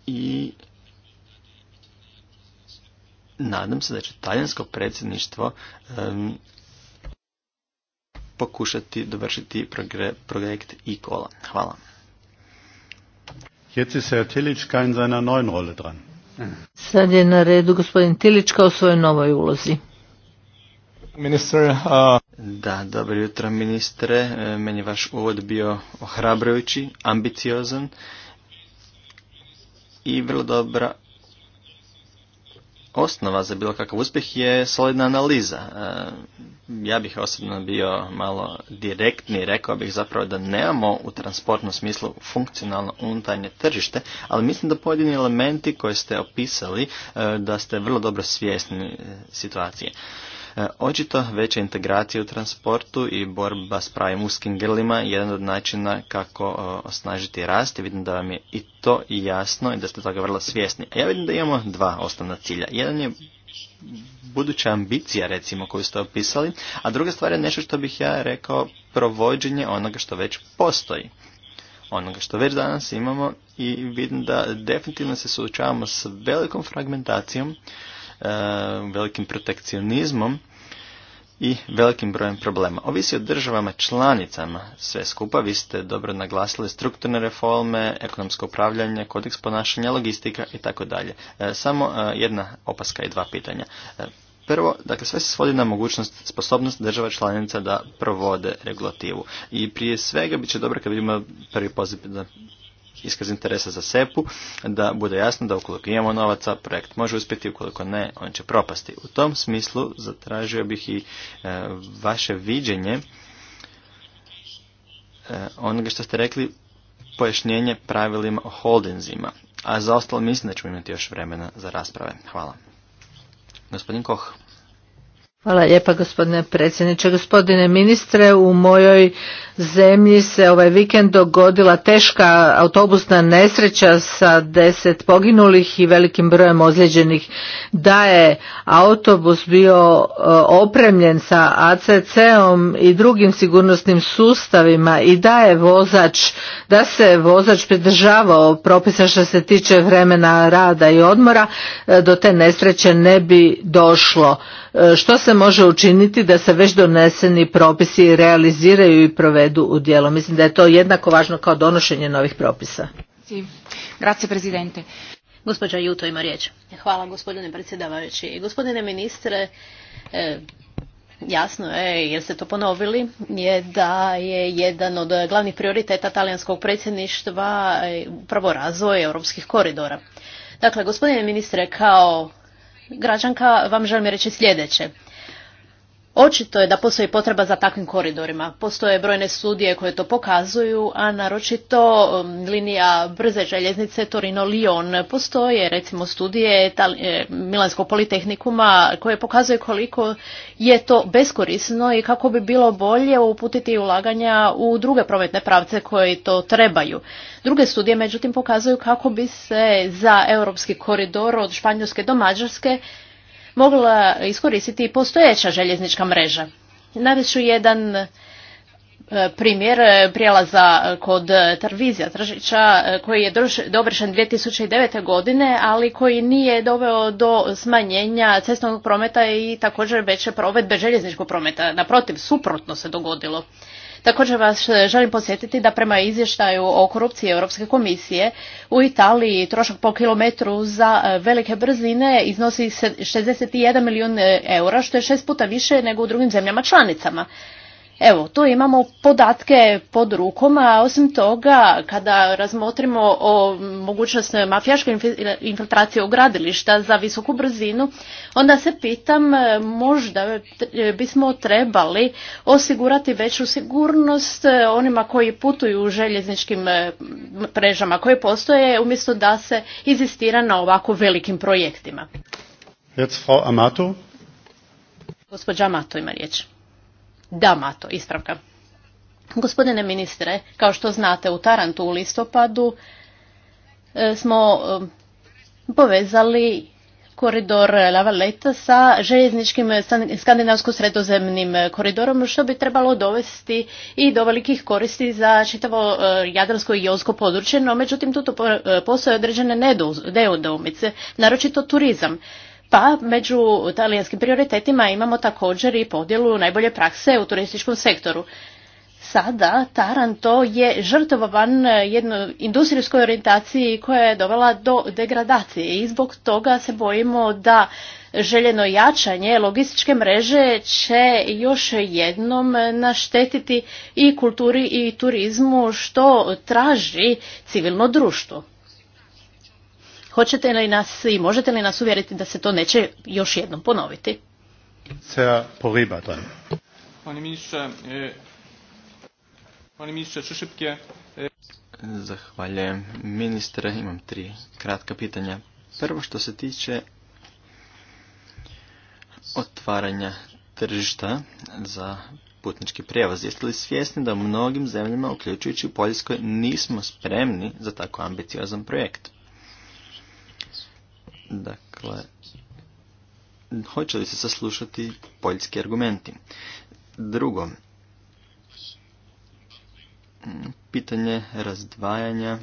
I nadam se da će talijansko predsjedništvo pokušati dovršiti projekt i kola. Hvala. Jetzt ist Herr Tilička in seiner neuen Rolle dran. Sad je na redu gospodin Tilička u svojoj novoj ulozi. Minister, uh, Da, dobro jutro ministre. E, meni je vaš uvod bio ohrabrujući, ambiciozan i vrlo dobra osnova za bilo kakav uspjeh je solidna analiza. E, ja bih osobno bio malo direktni, rekao bih zapravo da nemamo u transportnom smislu funkcionalno unutarnje tržište, ali mislim da pojedini elementi koje ste opisali, e, da ste vrlo dobro svjesni e, situacije. E, očito veća integracija u transportu i borba s pravim uskim grlima je jedan od načina kako e, osnažiti rast. Vidim da vam je i to jasno i da ste toga vrlo svjesni. Ja vidim da imamo dva osnovna cilja. Jedan je buduća ambicija recimo koju ste opisali, a druga stvar je nešto što bih ja rekao provođenje onoga što već postoji onoga što već danas imamo i vidim da definitivno se suočavamo s velikom fragmentacijom E, velikim protekcionizmom i velikim brojem problema. Ovisi o državama članicama sve skupa. Vi ste dobro naglasili strukturne reforme, ekonomsko upravljanje, kodeks ponašanja, logistika i tako dalje. E, samo e, jedna opaska i dva pitanja. Prvo, dakle, sve se svodi na mogućnost, sposobnost država članica da provode regulativu. I prije svega bit će dobro kad vidimo prvi poziv iskaz interesa za SEPU, da bude jasno da ukoliko imamo novaca, projekt može uspjeti, ukoliko ne, on će propasti. U tom smislu zatražio bih i e, vaše viđenje e, onoga što ste rekli pojašnjenje pravilima o holdinzima. A za ostalo mislim da ćemo imati još vremena za rasprave. Hvala. Gospodin Koh. Hvala lijepa gospodine predsjedniče. Gospodine ministre, u mojoj zemlji se ovaj vikend dogodila teška autobusna nesreća sa deset poginulih i velikim brojem ozlijeđenih. Da je autobus bio e, opremljen sa ACC-om i drugim sigurnosnim sustavima i da je vozač, da se vozač pridržavao propisa što se tiče vremena rada i odmora, e, do te nesreće ne bi došlo E, što se može učiniti da se već doneseni propisi realiziraju i provedu u djelo. Mislim da je to jednako važno kao donošenje novih propisa. Grazie, Presidente. Gospođa Juto ima riječ. Hvala gospodine predsjedavajući. Gospodine ministre, e, jasno je, jer ste to ponovili, je da je jedan od glavnih prioriteta talijanskog predsjedništva e, upravo razvoj europskih koridora. Dakle, gospodine ministre, kao građanka vam želim reći sljedeće. Očito je da postoji potreba za takvim koridorima. Postoje brojne studije koje to pokazuju, a naročito um, linija brze željeznice Torino-Lyon. Postoje recimo studije eh, Milanskog politehnikuma koje pokazuje koliko je to beskorisno i kako bi bilo bolje uputiti ulaganja u druge prometne pravce koji to trebaju. Druge studije međutim pokazuju kako bi se za europski koridor od Španjolske do Mađarske mogla iskoristiti postojeća željeznička mreža. Navest ću jedan e, primjer e, prijelaza kod Tarvizija Tržića e, koji je dovršen 2009. godine, ali koji nije doveo do smanjenja cestovnog prometa i također veće provedbe željezničkog prometa. Naprotiv, suprotno se dogodilo. Također vas e, želim podsjetiti da prema izvještaju o korupciji Europske komisije u Italiji trošak po kilometru za e, velike brzine iznosi 61 milijun e, eura, što je šest puta više nego u drugim zemljama članicama. Evo, tu imamo podatke pod rukom, a osim toga, kada razmotrimo o mogućnosti mafijaške infiltracije u gradilišta za visoku brzinu, onda se pitam, e, možda bismo trebali osigurati veću sigurnost e, onima koji putuju u željezničkim prežama e, koje postoje, umjesto da se izistira na ovako velikim projektima. Jetzt Frau Amato. Gospođa Amato ima riječ. Mato, ispravka. Gospodine ministre, kao što znate, u Tarantu u listopadu e, smo e, povezali koridor Lavaleta sa željezničkim skandinavsko-sredozemnim e, koridorom, što bi trebalo dovesti i do velikih koristi za čitavo jadransko i jonsko područje, no međutim tu postoje određene nedoumice, naročito turizam. Pa među talijanskim prioritetima imamo također i podjelu najbolje prakse u turističkom sektoru. Sada Taranto je žrtovovan jednoj industrijskoj orijentaciji koja je dovela do degradacije i zbog toga se bojimo da željeno jačanje logističke mreže će još jednom naštetiti i kulturi i turizmu što traži civilno društvo. Hoćete li nas i možete li nas uvjeriti da se to neće još jednom ponoviti? E, e, Zahvaljujem ministre, imam tri kratka pitanja. Prvo što se tiče otvaranja tržišta za putnički prijevoz. Jeste li svjesni da u mnogim zemljama, uključujući u Poljskoj, nismo spremni za tako ambiciozan projekt? Dakle, hoće li se saslušati poljski argumenti? Drugo, mm, pitanje razdvajanja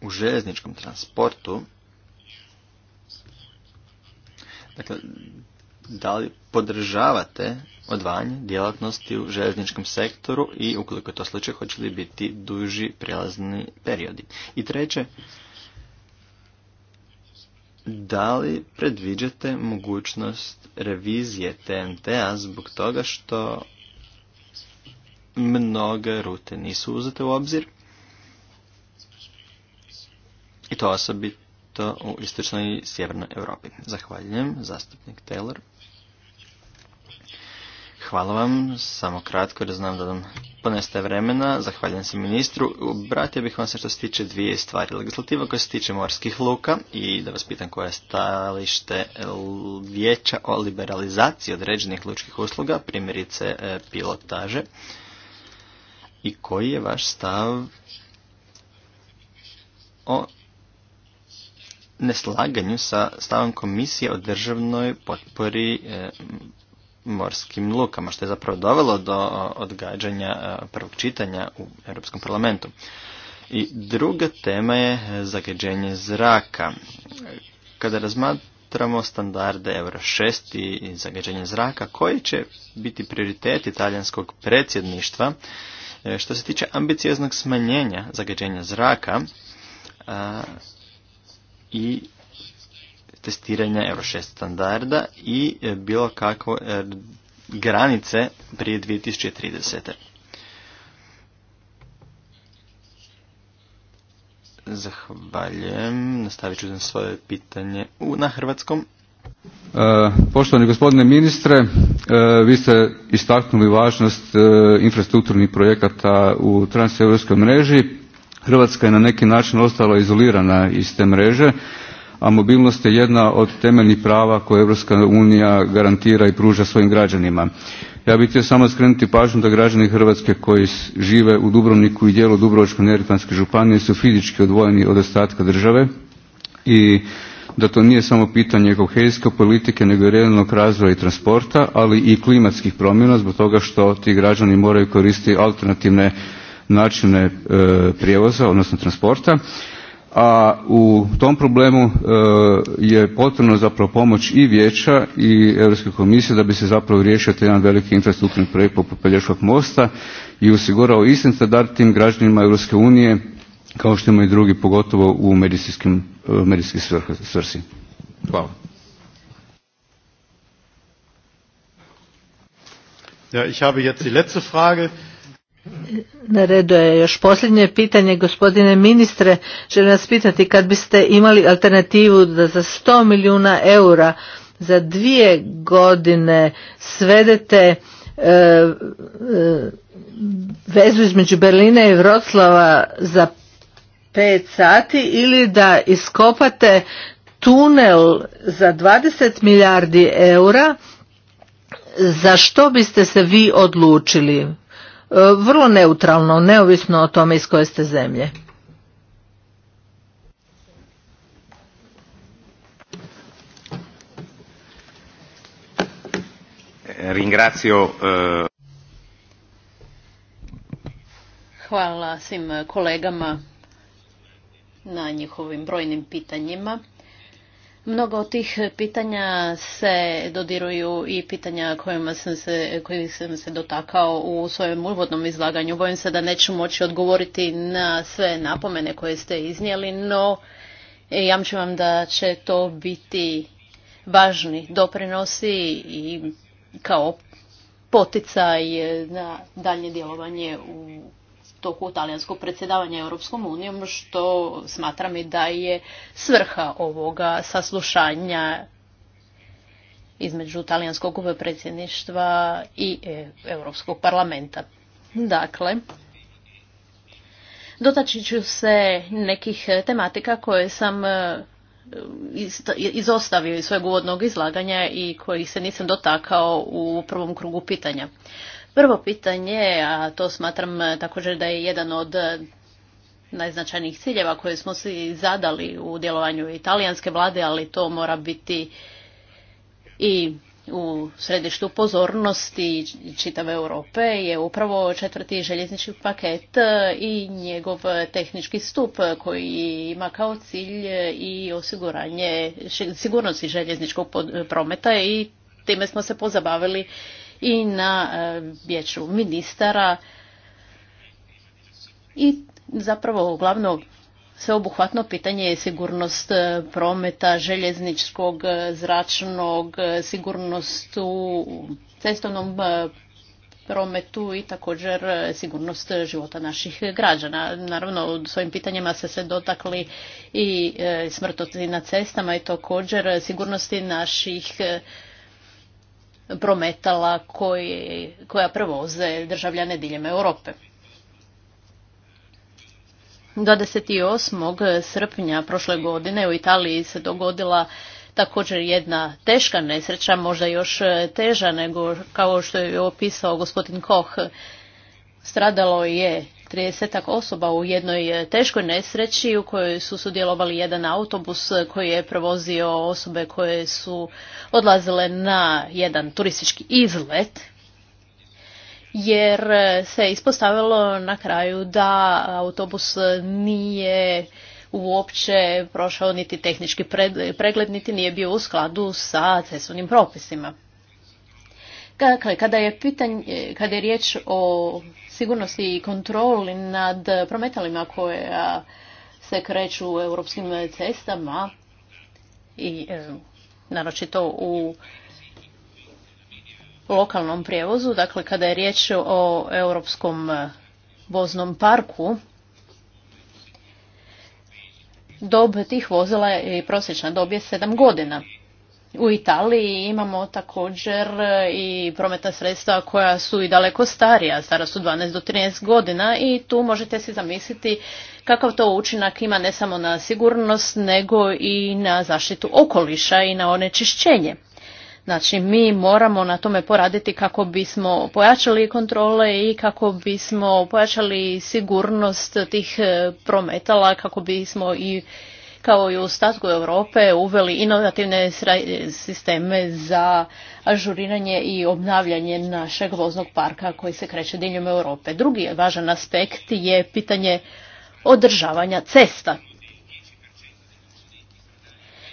u željezničkom transportu. Dakle, da li podržavate odvajanje djelatnosti u željezničkom sektoru i ukoliko je to slučaj, hoće li biti duži prijelazni periodi? I treće, da li predviđate mogućnost revizije TNT-a zbog toga što mnoge rute nisu uzete u obzir? I to osobito u istočnoj i sjevernoj Europi. Zahvaljujem, zastupnik Taylor. Hvala vam, samo kratko jer znam da vam poneste vremena. Zahvaljujem se ministru. Obratio bih vam se što se tiče dvije stvari. Legislativa koja se tiče morskih luka i da vas pitam koje je stajalište vijeća o liberalizaciji određenih lučkih usluga, primjerice e, pilotaže. I koji je vaš stav o neslaganju sa stavom komisije o državnoj potpori e, morskim lukama, što je zapravo dovelo do odgađanja e, prvog čitanja u Europskom parlamentu. I druga tema je e, zagađenje zraka. Kada razmatramo standarde Euro 6 i zagađenje zraka, koji će biti prioritet italijanskog predsjedništva e, što se tiče ambicioznog smanjenja zagađenja zraka i testiranja Euro 6 standarda i e, bilo kako e, granice prije 2030. Zahvaljujem. Nastavit ću svoje pitanje na hrvatskom. E, poštovani gospodine ministre, vi ste istaknuli važnost infrastrukturnih projekata u transeuropskoj mreži. Hrvatska je na neki način ostala izolirana iz te mreže a mobilnost je jedna od temeljnih prava koje Europska unija garantira i pruža svojim građanima. Ja bih htio samo skrenuti pažnju da građani Hrvatske koji žive u Dubrovniku i dijelu Dubrovačko-neretvanske županije su fizički odvojeni od ostatka države i da to nije samo pitanje kohezijske politike nego i realnog razvoja i transporta, ali i klimatskih promjena zbog toga što ti građani moraju koristiti alternativne načine e, prijevoza, odnosno transporta a u tom problemu e, je potrebno zapravo pomoć i vijeća i Europske komisije da bi se zapravo riješio taj jedan veliki infrastrukturni projekt poput Pelješkog mosta i osigurao isti standard tim građanima Europske unije kao što imaju drugi pogotovo u medicinskim, e, medicinski svrsi. Hvala. Ja, ich habe jetzt die letzte Frage na redu je još posljednje pitanje, gospodine ministre, želim vas pitati kad biste imali alternativu da za 100 milijuna eura za dvije godine svedete e, e, vezu između Berlina i Vroclava za 5 sati ili da iskopate tunel za 20 milijardi eura, za što biste se vi odlučili? vrlo neutralno, neovisno o tome iz koje ste zemlje. Ringrazio, eh, Hvala svim kolegama na njihovim brojnim pitanjima. Mnogo od tih pitanja se dodiruju i pitanja kojima sam se, kojim sam se dotakao u svojem uvodnom izlaganju. Bojim se da neću moći odgovoriti na sve napomene koje ste iznijeli, no jamčim vam da će to biti važni doprinosi i kao poticaj na dalje djelovanje u toku talijanskog predsjedavanja Europskom unijom, što smatram i da je svrha ovoga saslušanja između talijanskog predsjedništva i e, Europskog parlamenta. Dakle, dotaći ću se nekih tematika koje sam e, izostavio iz svojeg uvodnog izlaganja i kojih se nisam dotakao u prvom krugu pitanja. Prvo pitanje, a to smatram također da je jedan od najznačajnijih ciljeva koje smo si zadali u djelovanju italijanske vlade, ali to mora biti i u središtu pozornosti čitave Europe je upravo četvrti željeznički paket i njegov tehnički stup koji ima kao cilj i osiguranje sigurnosti željezničkog prometa i time smo se pozabavili i na e, vijeću ministara i zapravo glavno sveobuhvatno pitanje je sigurnost e, prometa željezničkog, e, zračnog, sigurnost u cestovnom prometu i također sigurnost života naših građana. Naravno, svojim pitanjima ste se dotakli i smrtosti na cestama i također sigurnosti naših prometala koja prevoze državljane diljem Europe. 28. srpnja prošle godine u Italiji se dogodila također jedna teška nesreća, možda još teža nego kao što je opisao gospodin Koch. Stradalo je 30 osoba u jednoj e, teškoj nesreći u kojoj su sudjelovali jedan autobus koji je prevozio osobe koje su odlazile na jedan turistički izlet jer e, se ispostavilo na kraju da autobus nije uopće prošao niti tehnički pregled, niti nije bio u skladu sa cestovnim propisima. Dakle, kada je, pitanje, kada je riječ o sigurnosti i kontroli nad prometalima koje se kreću u europskim cestama i e, naročito u lokalnom prijevozu, dakle kada je riječ o europskom voznom parku, dob tih vozila i prosječna dob je sedam godina. U Italiji imamo također i prometna sredstva koja su i daleko starija, stara su 12 do 13 godina i tu možete si zamisliti kakav to učinak ima ne samo na sigurnost nego i na zaštitu okoliša i na onečišćenje. Znači mi moramo na tome poraditi kako bismo pojačali kontrole i kako bismo pojačali sigurnost tih eh, prometala, kako bismo i kao i u ostatku Europe uveli inovativne sisteme za ažuriranje i obnavljanje našeg voznog parka koji se kreće diljem Europe. Drugi važan aspekt je pitanje održavanja cesta.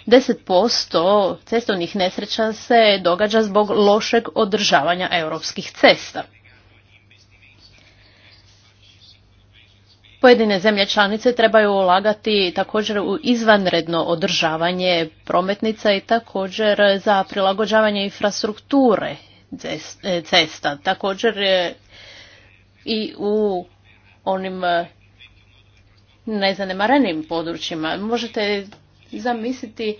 10% cestovnih nesreća se događa zbog lošeg održavanja europskih cesta. Pojedine zemlje članice trebaju ulagati također u izvanredno održavanje prometnica i također za prilagođavanje infrastrukture e, cesta. Također i u onim e, nezanemarenim područjima. Možete zamisliti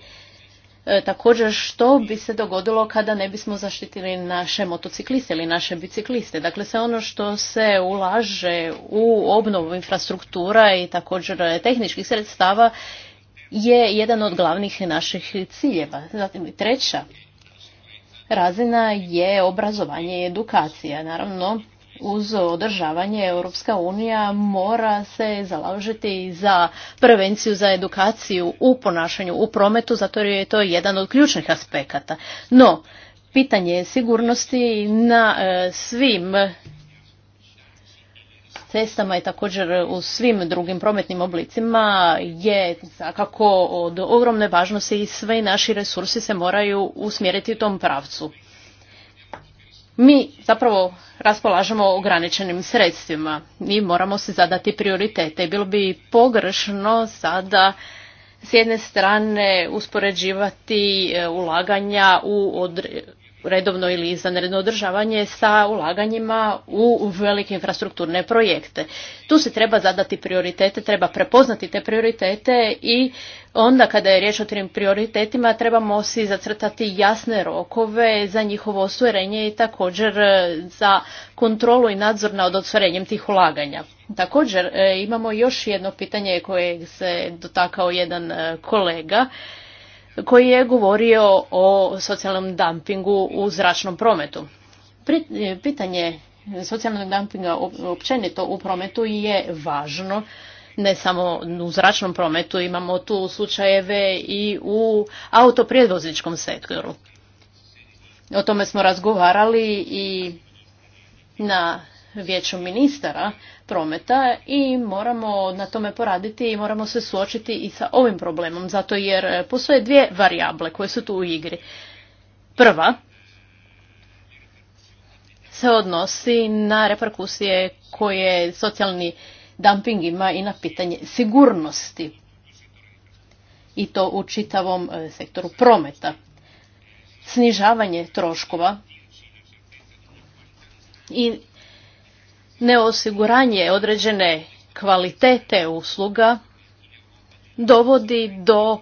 E, također što bi se dogodilo kada ne bismo zaštitili naše motocikliste ili naše bicikliste. Dakle, sve ono što se ulaže u obnovu infrastruktura i također e, tehničkih sredstava je jedan od glavnih naših ciljeva. Zatim i treća razina je obrazovanje i edukacija. Naravno, uz održavanje Europska unija mora se založiti za prevenciju, za edukaciju u ponašanju, u prometu, zato je to jedan od ključnih aspekata. No, pitanje sigurnosti na e, svim cestama i također u svim drugim prometnim oblicima je kako od ogromne važnosti i sve naši resursi se moraju usmjeriti u tom pravcu mi zapravo raspolažemo ograničenim sredstvima i moramo se zadati prioritete. Bilo bi pogrešno sada s jedne strane uspoređivati e, ulaganja u redovno ili izvanredno održavanje sa ulaganjima u velike infrastrukturne projekte. Tu se treba zadati prioritete, treba prepoznati te prioritete i onda kada je riječ o tim prioritetima trebamo si zacrtati jasne rokove za njihovo ostvarenje i također e, za kontrolu i nadzor nad ostvarenjem tih ulaganja. Također e, imamo još jedno pitanje koje se dotakao jedan e, kolega koji je govorio o socijalnom dumpingu u zračnom prometu. E, pitanje socijalnog dumpinga općenito u prometu je važno, ne samo u zračnom prometu, imamo tu slučajeve i u autoprijedvozničkom sektoru. O tome smo razgovarali i na vijeću ministara, prometa i moramo na tome poraditi i moramo se suočiti i sa ovim problemom, zato jer e, postoje dvije varijable koje su tu u igri. Prva se odnosi na reperkusije koje socijalni dumping ima i na pitanje sigurnosti i to u čitavom e, sektoru prometa. Snižavanje troškova i neosiguranje određene kvalitete usluga dovodi do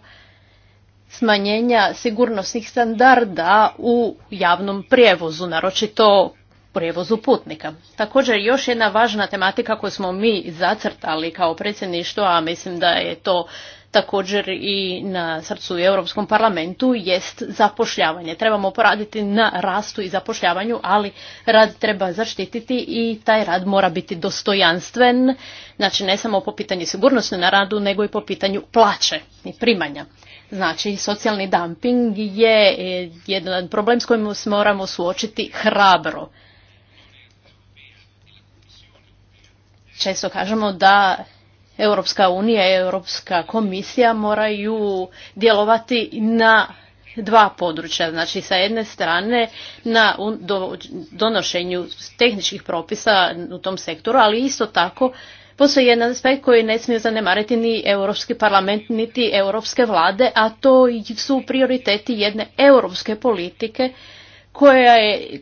smanjenja sigurnosnih standarda u javnom prijevozu, naročito prijevozu putnika. Također još jedna važna tematika koju smo mi zacrtali kao predsjedništvo, a mislim da je to također i na srcu u Europskom parlamentu jest zapošljavanje. Trebamo poraditi na rastu i zapošljavanju, ali rad treba zaštititi i taj rad mora biti dostojanstven, znači ne samo po pitanju sigurnosti na radu, nego i po pitanju plaće i primanja. Znači, socijalni dumping je jedan problem s kojim se moramo suočiti hrabro. Često kažemo da Europska unija i Europska komisija moraju djelovati na dva područja. Znači, sa jedne strane na donošenju tehničkih propisa u tom sektoru, ali isto tako postoji jedan aspekt koji ne smije zanemariti ni Europski parlament, niti europske vlade, a to su prioriteti jedne europske politike koja je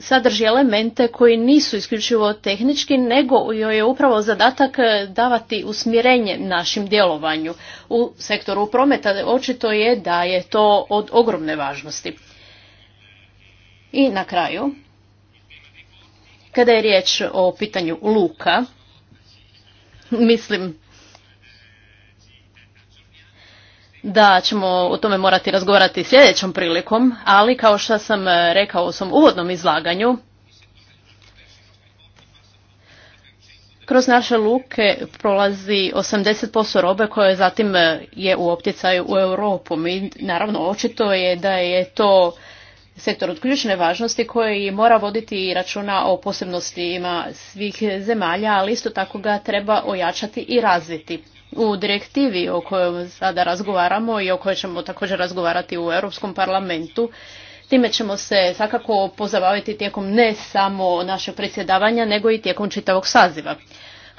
sadrži elemente koji nisu isključivo tehnički, nego joj je upravo zadatak e, davati usmjerenje našim djelovanju. U sektoru prometa očito je da je to od ogromne važnosti. I na kraju, kada je riječ o pitanju luka, mislim da ćemo o tome morati razgovarati sljedećom prilikom, ali kao što sam e, rekao u svom uvodnom izlaganju, kroz naše luke prolazi 80% robe koje zatim e, je u opticaju u Europu. Mi, naravno, očito je da je to sektor od ključne važnosti koji mora voditi računa o posebnostima svih zemalja, ali isto tako ga treba ojačati i razviti u direktivi o kojoj sada razgovaramo i o kojoj ćemo također razgovarati u Europskom parlamentu. Time ćemo se svakako pozabaviti tijekom ne samo našeg predsjedavanja, nego i tijekom čitavog saziva.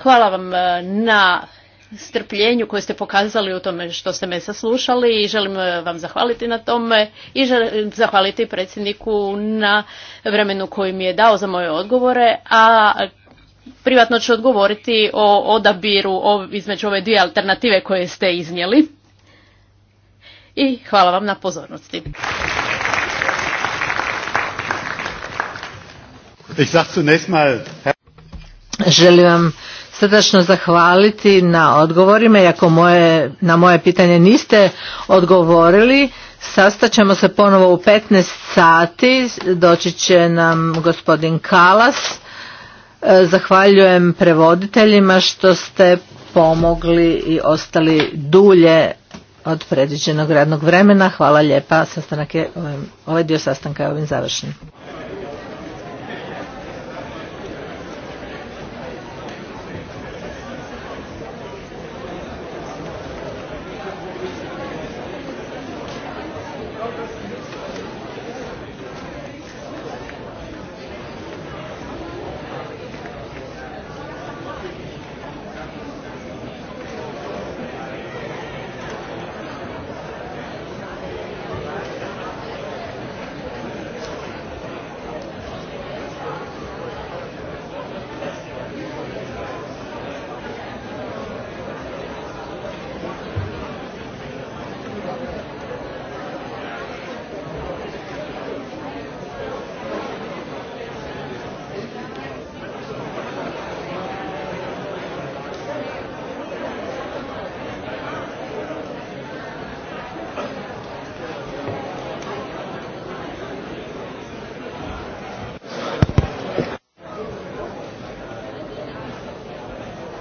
Hvala vam e, na strpljenju koje ste pokazali u tome što ste me saslušali i želim e, vam zahvaliti na tome i želim zahvaliti predsjedniku na vremenu koji mi je dao za moje odgovore, a privatno ću odgovoriti o odabiru između ove dvije alternative koje ste iznijeli. I hvala vam na pozornosti. Želim vam srdačno zahvaliti na odgovorima, iako na moje pitanje niste odgovorili. Sastaćemo se ponovo u 15 sati, doći će nam gospodin Kalas E, zahvaljujem prevoditeljima što ste pomogli i ostali dulje od predviđenog radnog vremena. Hvala lijepa. Sastanak je, ovaj dio sastanka je ovim završen.